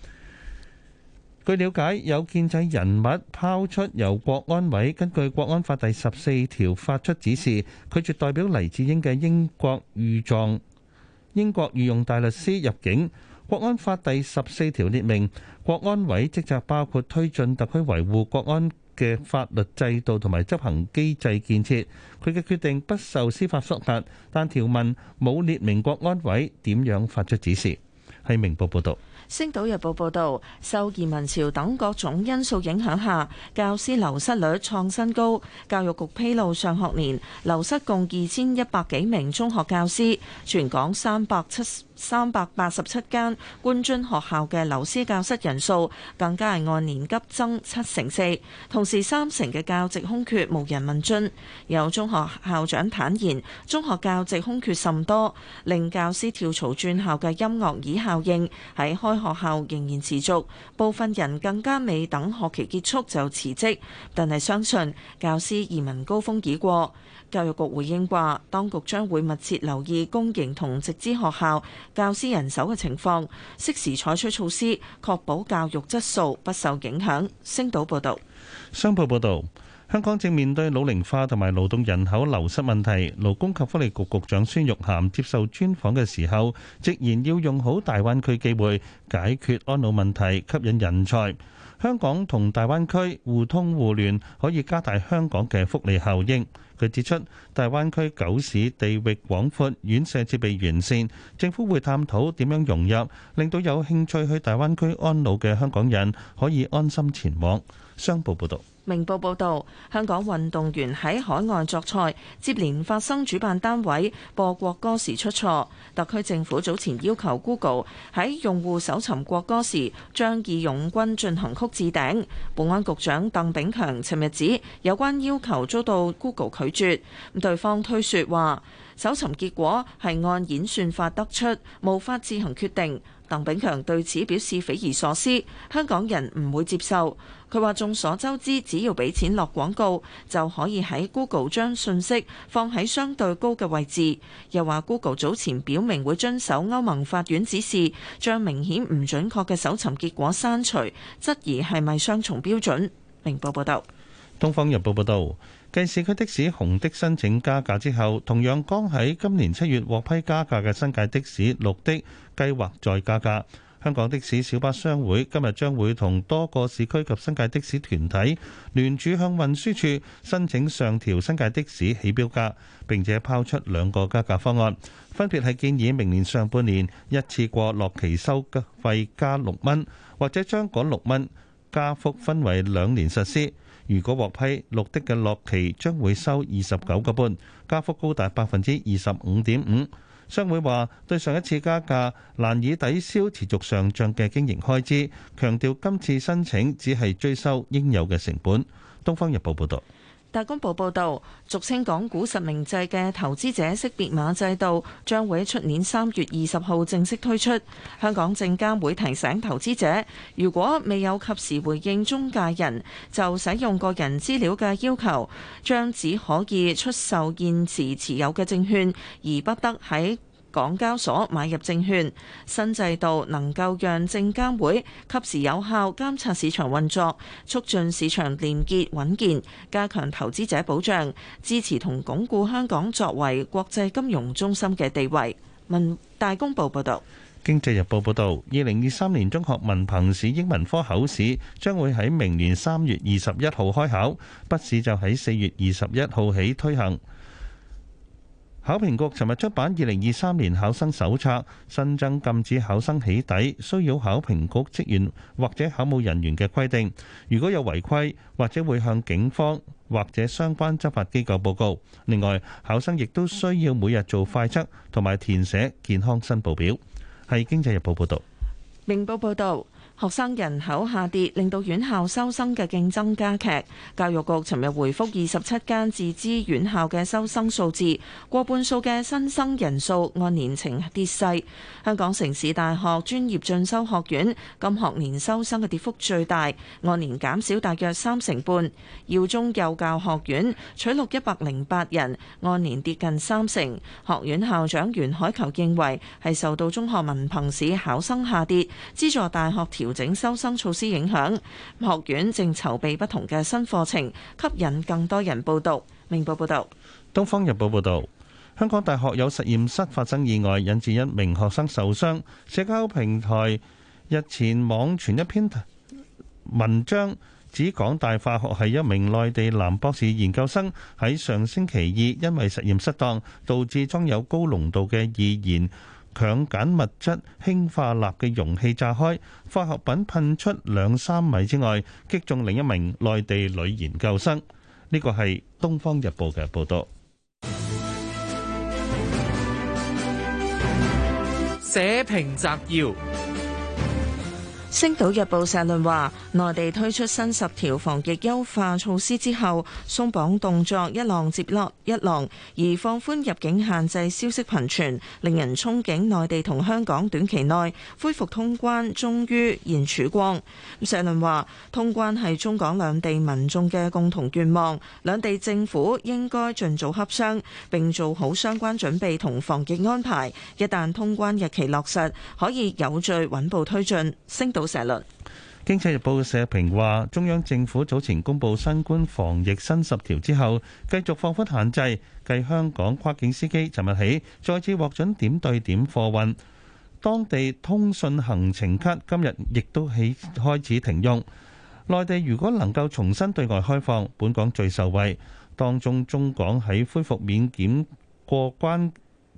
據瞭解，有建制人物拋出由國安委根據國安法第十四條發出指示，拒絕代表黎智英嘅英國御狀。英國御用大律師入境，《國安法》第十四條列明，國安委職責包括推進特區維護國安嘅法律制度同埋執行機制建設。佢嘅決定不受司法覆核，但條文冇列明國安委點樣發出指示。喺明報報道。《星島日報》報導，受移民潮等各種因素影響下，教師流失率創新高。教育局披露，上學年流失共二千一百幾名中學教師，全港三百七十。三百八十七間官津學校嘅流失教室人數更加係按年急增七成四，同時三成嘅教職空缺無人問津。有中學校長坦言，中學教職空缺甚多，令教師跳槽轉校嘅音樂椅效應喺開學後仍然持續，部分人更加未等學期結束就辭職。但係相信教師移民高峰已過。教育局回應話，當局將會密切留意公營同直資學校教師人手嘅情況，適時採取措施，確保教育質素不受影響。星島報道。商報報道，香港正面對老齡化同埋勞動人口流失問題。勞工及福利局局長孫玉菡接受專訪嘅時候，直言要用好大灣區機會，解決安老問題，吸引人才。香港同大灣區互通互聯，可以加大香港嘅福利效應。佢指出，大灣區九市地域廣闊，院舍設備完善，政府會探討點樣融入，令到有興趣去大灣區安老嘅香港人可以安心前往。商報報道。明報報導，香港運動員喺海外作賽，接連發生主辦單位播國歌時出錯。特區政府早前要求 Google 喺用戶搜尋國歌時，將義勇軍進行曲置頂。保安局長鄧炳強尋日指，有關要求遭到 Google 拒絕，咁對方推説話，搜尋結果係按演算法得出，無法自行決定。鄧炳強對此表示匪夷所思，香港人唔會接受。佢話眾所周知，只要俾錢落廣告就可以喺 Google 將信息放喺相對高嘅位置。又話 Google 早前表明會遵守歐盟法院指示，將明顯唔準確嘅搜尋結果刪除，質疑係咪雙重標準？明報報道，東方日報報道，繼市區的的士紅的申請加價之後，同樣剛喺今年七月獲批加價嘅新界的士綠的，計劃再加價。香港的士小巴商會今日將會同多個市區及新界的士團體聯署向運輸署申請上調新界的士起標價，並且拋出兩個加價方案，分別係建議明年上半年一次過落旗收費加六蚊，或者將嗰六蚊加幅分為兩年實施。如果獲批，綠的嘅落旗將會收二十九個半，加幅高達百分之二十五點五。商會話對上一次加價難以抵消持續上漲嘅經營開支，強調今次申請只係追收應有嘅成本。《東方日報》報導。大公報報道，俗稱港股實名制嘅投資者識別碼制度將會出年三月二十號正式推出。香港證監會提醒投資者，如果未有及時回應中介人就使用個人資料嘅要求，將只可以出售現時持有嘅證券，而不得喺港交所買入證券，新制度能夠讓證監會及時有效監察市場運作，促進市場連結穩健，加強投資者保障，支持同鞏固香港作為國際金融中心嘅地位。文大公報報道，經濟日報報道，二零二三年中學文憑試英文科口試將會喺明年三月二十一號開考，筆試就喺四月二十一號起推行。考評局尋日出版《二零二三年考生手冊》，新增禁止考生起底，騷擾考評局職員或者考務人員嘅規定。如果有違規，或者會向警方或者相關執法機構報告。另外，考生亦都需要每日做快測同埋填寫健康申報表。係《經濟日報》報道，《明報》報道。學生人口下跌，令到院校收生嘅競爭加劇。教育局尋日回覆二十七間自資院校嘅收生數字，過半數嘅新生人數按年呈跌勢。香港城市大學專業進修學院今學年收生嘅跌幅最大，按年減少大約三成半。耀中幼教學院取錄一百零八人，按年跌近三成。學院校長袁海球認為係受到中學文憑試考生下跌，資助大學調調整收生措施影響，學院正籌備不同嘅新課程，吸引更多人報讀。明報報道，東方日報報道，香港大學有實驗室發生意外，引致一名學生受傷。社交平台日前網傳一篇文章，指港大化學系一名內地男博士研究生喺上星期二因為實驗失當，導致裝有高濃度嘅易燃、強鹼物質氫化鈉嘅容器炸開，化學品噴出兩三米之外，擊中另一名內地女研究生。呢個係《東方日報》嘅報道。社評摘要。《星島日報》社論話：內地推出新十條防疫優化措施之後，鬆綁動作一浪接落一浪，而放寬入境限制消息頻傳，令人憧憬內地同香港短期內恢復通關終於現曙光。咁社論話：通關係中港兩地民眾嘅共同願望，兩地政府應該盡早洽商，並做好相關準備同防疫安排。一旦通關日期落實，可以有序穩步推進。星島到社論，《經濟日報》嘅社評話：中央政府早前公布新冠防疫新十條之後，繼續放寬限制，繼香港跨境司機尋日起再次獲准點對點貨運，當地通訊行程卡今日亦都起開始停用。內地如果能夠重新對外開放，本港最受惠。當中中港喺恢復免檢過關。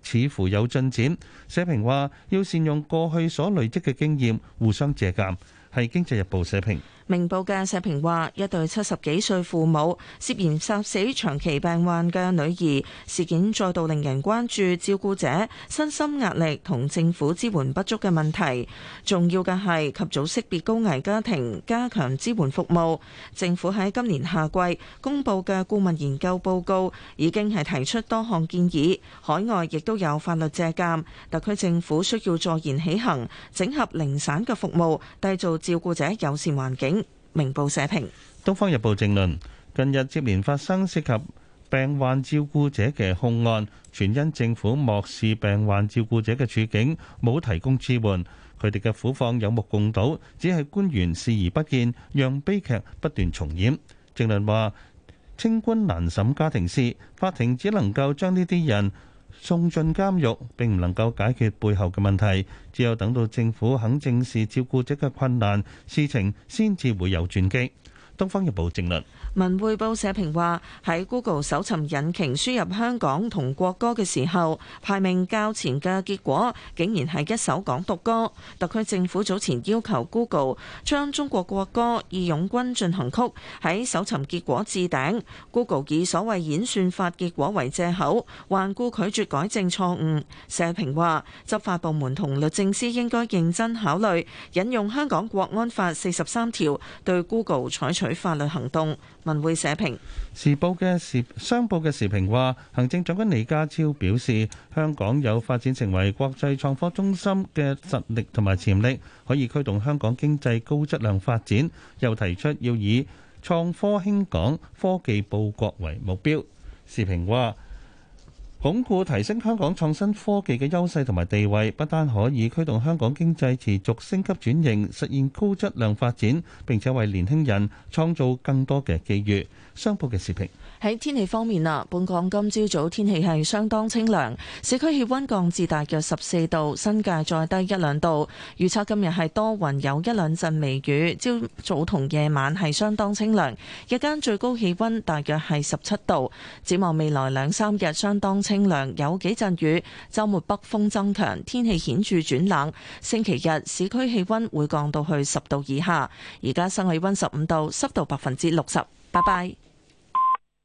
似乎有進展。社評話要善用過去所累積嘅經驗互相借鑑，係《經濟日報》社評。明報嘅社評話：一對七十幾歲父母涉嫌殺死長期病患嘅女兒，事件再度令人關注照顧者身心壓力同政府支援不足嘅問題。重要嘅係及早識別高危家庭，加強支援服務。政府喺今年夏季公佈嘅顧問研究報告已經係提出多項建議。海外亦都有法律借鑑，特區政府需要坐言起行，整合零散嘅服務，締造照顧者友善環境。明報社評。《東方日報》正論：近日接連發生涉及病患照顧者嘅凶案，全因政府漠視病患照顧者嘅處境，冇提供支援，佢哋嘅苦況有目共睹，只係官員視而不見，讓悲劇不斷重演。正論話：清官難審家庭事，法庭只能夠將呢啲人。送進監獄並唔能夠解決背後嘅問題，只有等到政府肯正視照顧者嘅困難，事情先至會有轉機。《東方日報》正論。文匯報社評話喺 Google 搜尋引擎輸入香港同國歌嘅時候，排名較前嘅結果竟然係一首港獨歌。特區政府早前要求 Google 將中國國歌《義勇軍進行曲》喺搜尋結果置頂，Google 以所謂演算法結果為借口頑固拒絕改正錯誤。社評話執法部門同律政司應該認真考慮引用香港國安法四十三條對 Google 採取法律行動。文匯社評，時報嘅時商報嘅時評話，行政長官李家超表示，香港有發展成為國際創科中心嘅實力同埋潛力，可以驅動香港經濟高質量發展，又提出要以創科興港、科技報國為目標。時評話。鞏固提升香港創新科技嘅優勢同埋地位，不單可以驅動香港經濟持續升級轉型，實現高質量發展，並且為年輕人創造更多嘅機遇。商報嘅視頻，喺天氣方面啦，本港今朝早，早天氣係相當清涼，市區氣温降至大約十四度，新界再低一兩度。預測今日係多雲，有一兩陣微雨。朝早同夜晚係相當清涼，日間最高氣温大約係十七度。展望未來兩三日相當清涼，有幾陣雨。周末北風增強，天氣顯著轉冷。星期日市區氣温會降到去十度以下。而家室氣温十五度，濕度百分之六十。拜拜。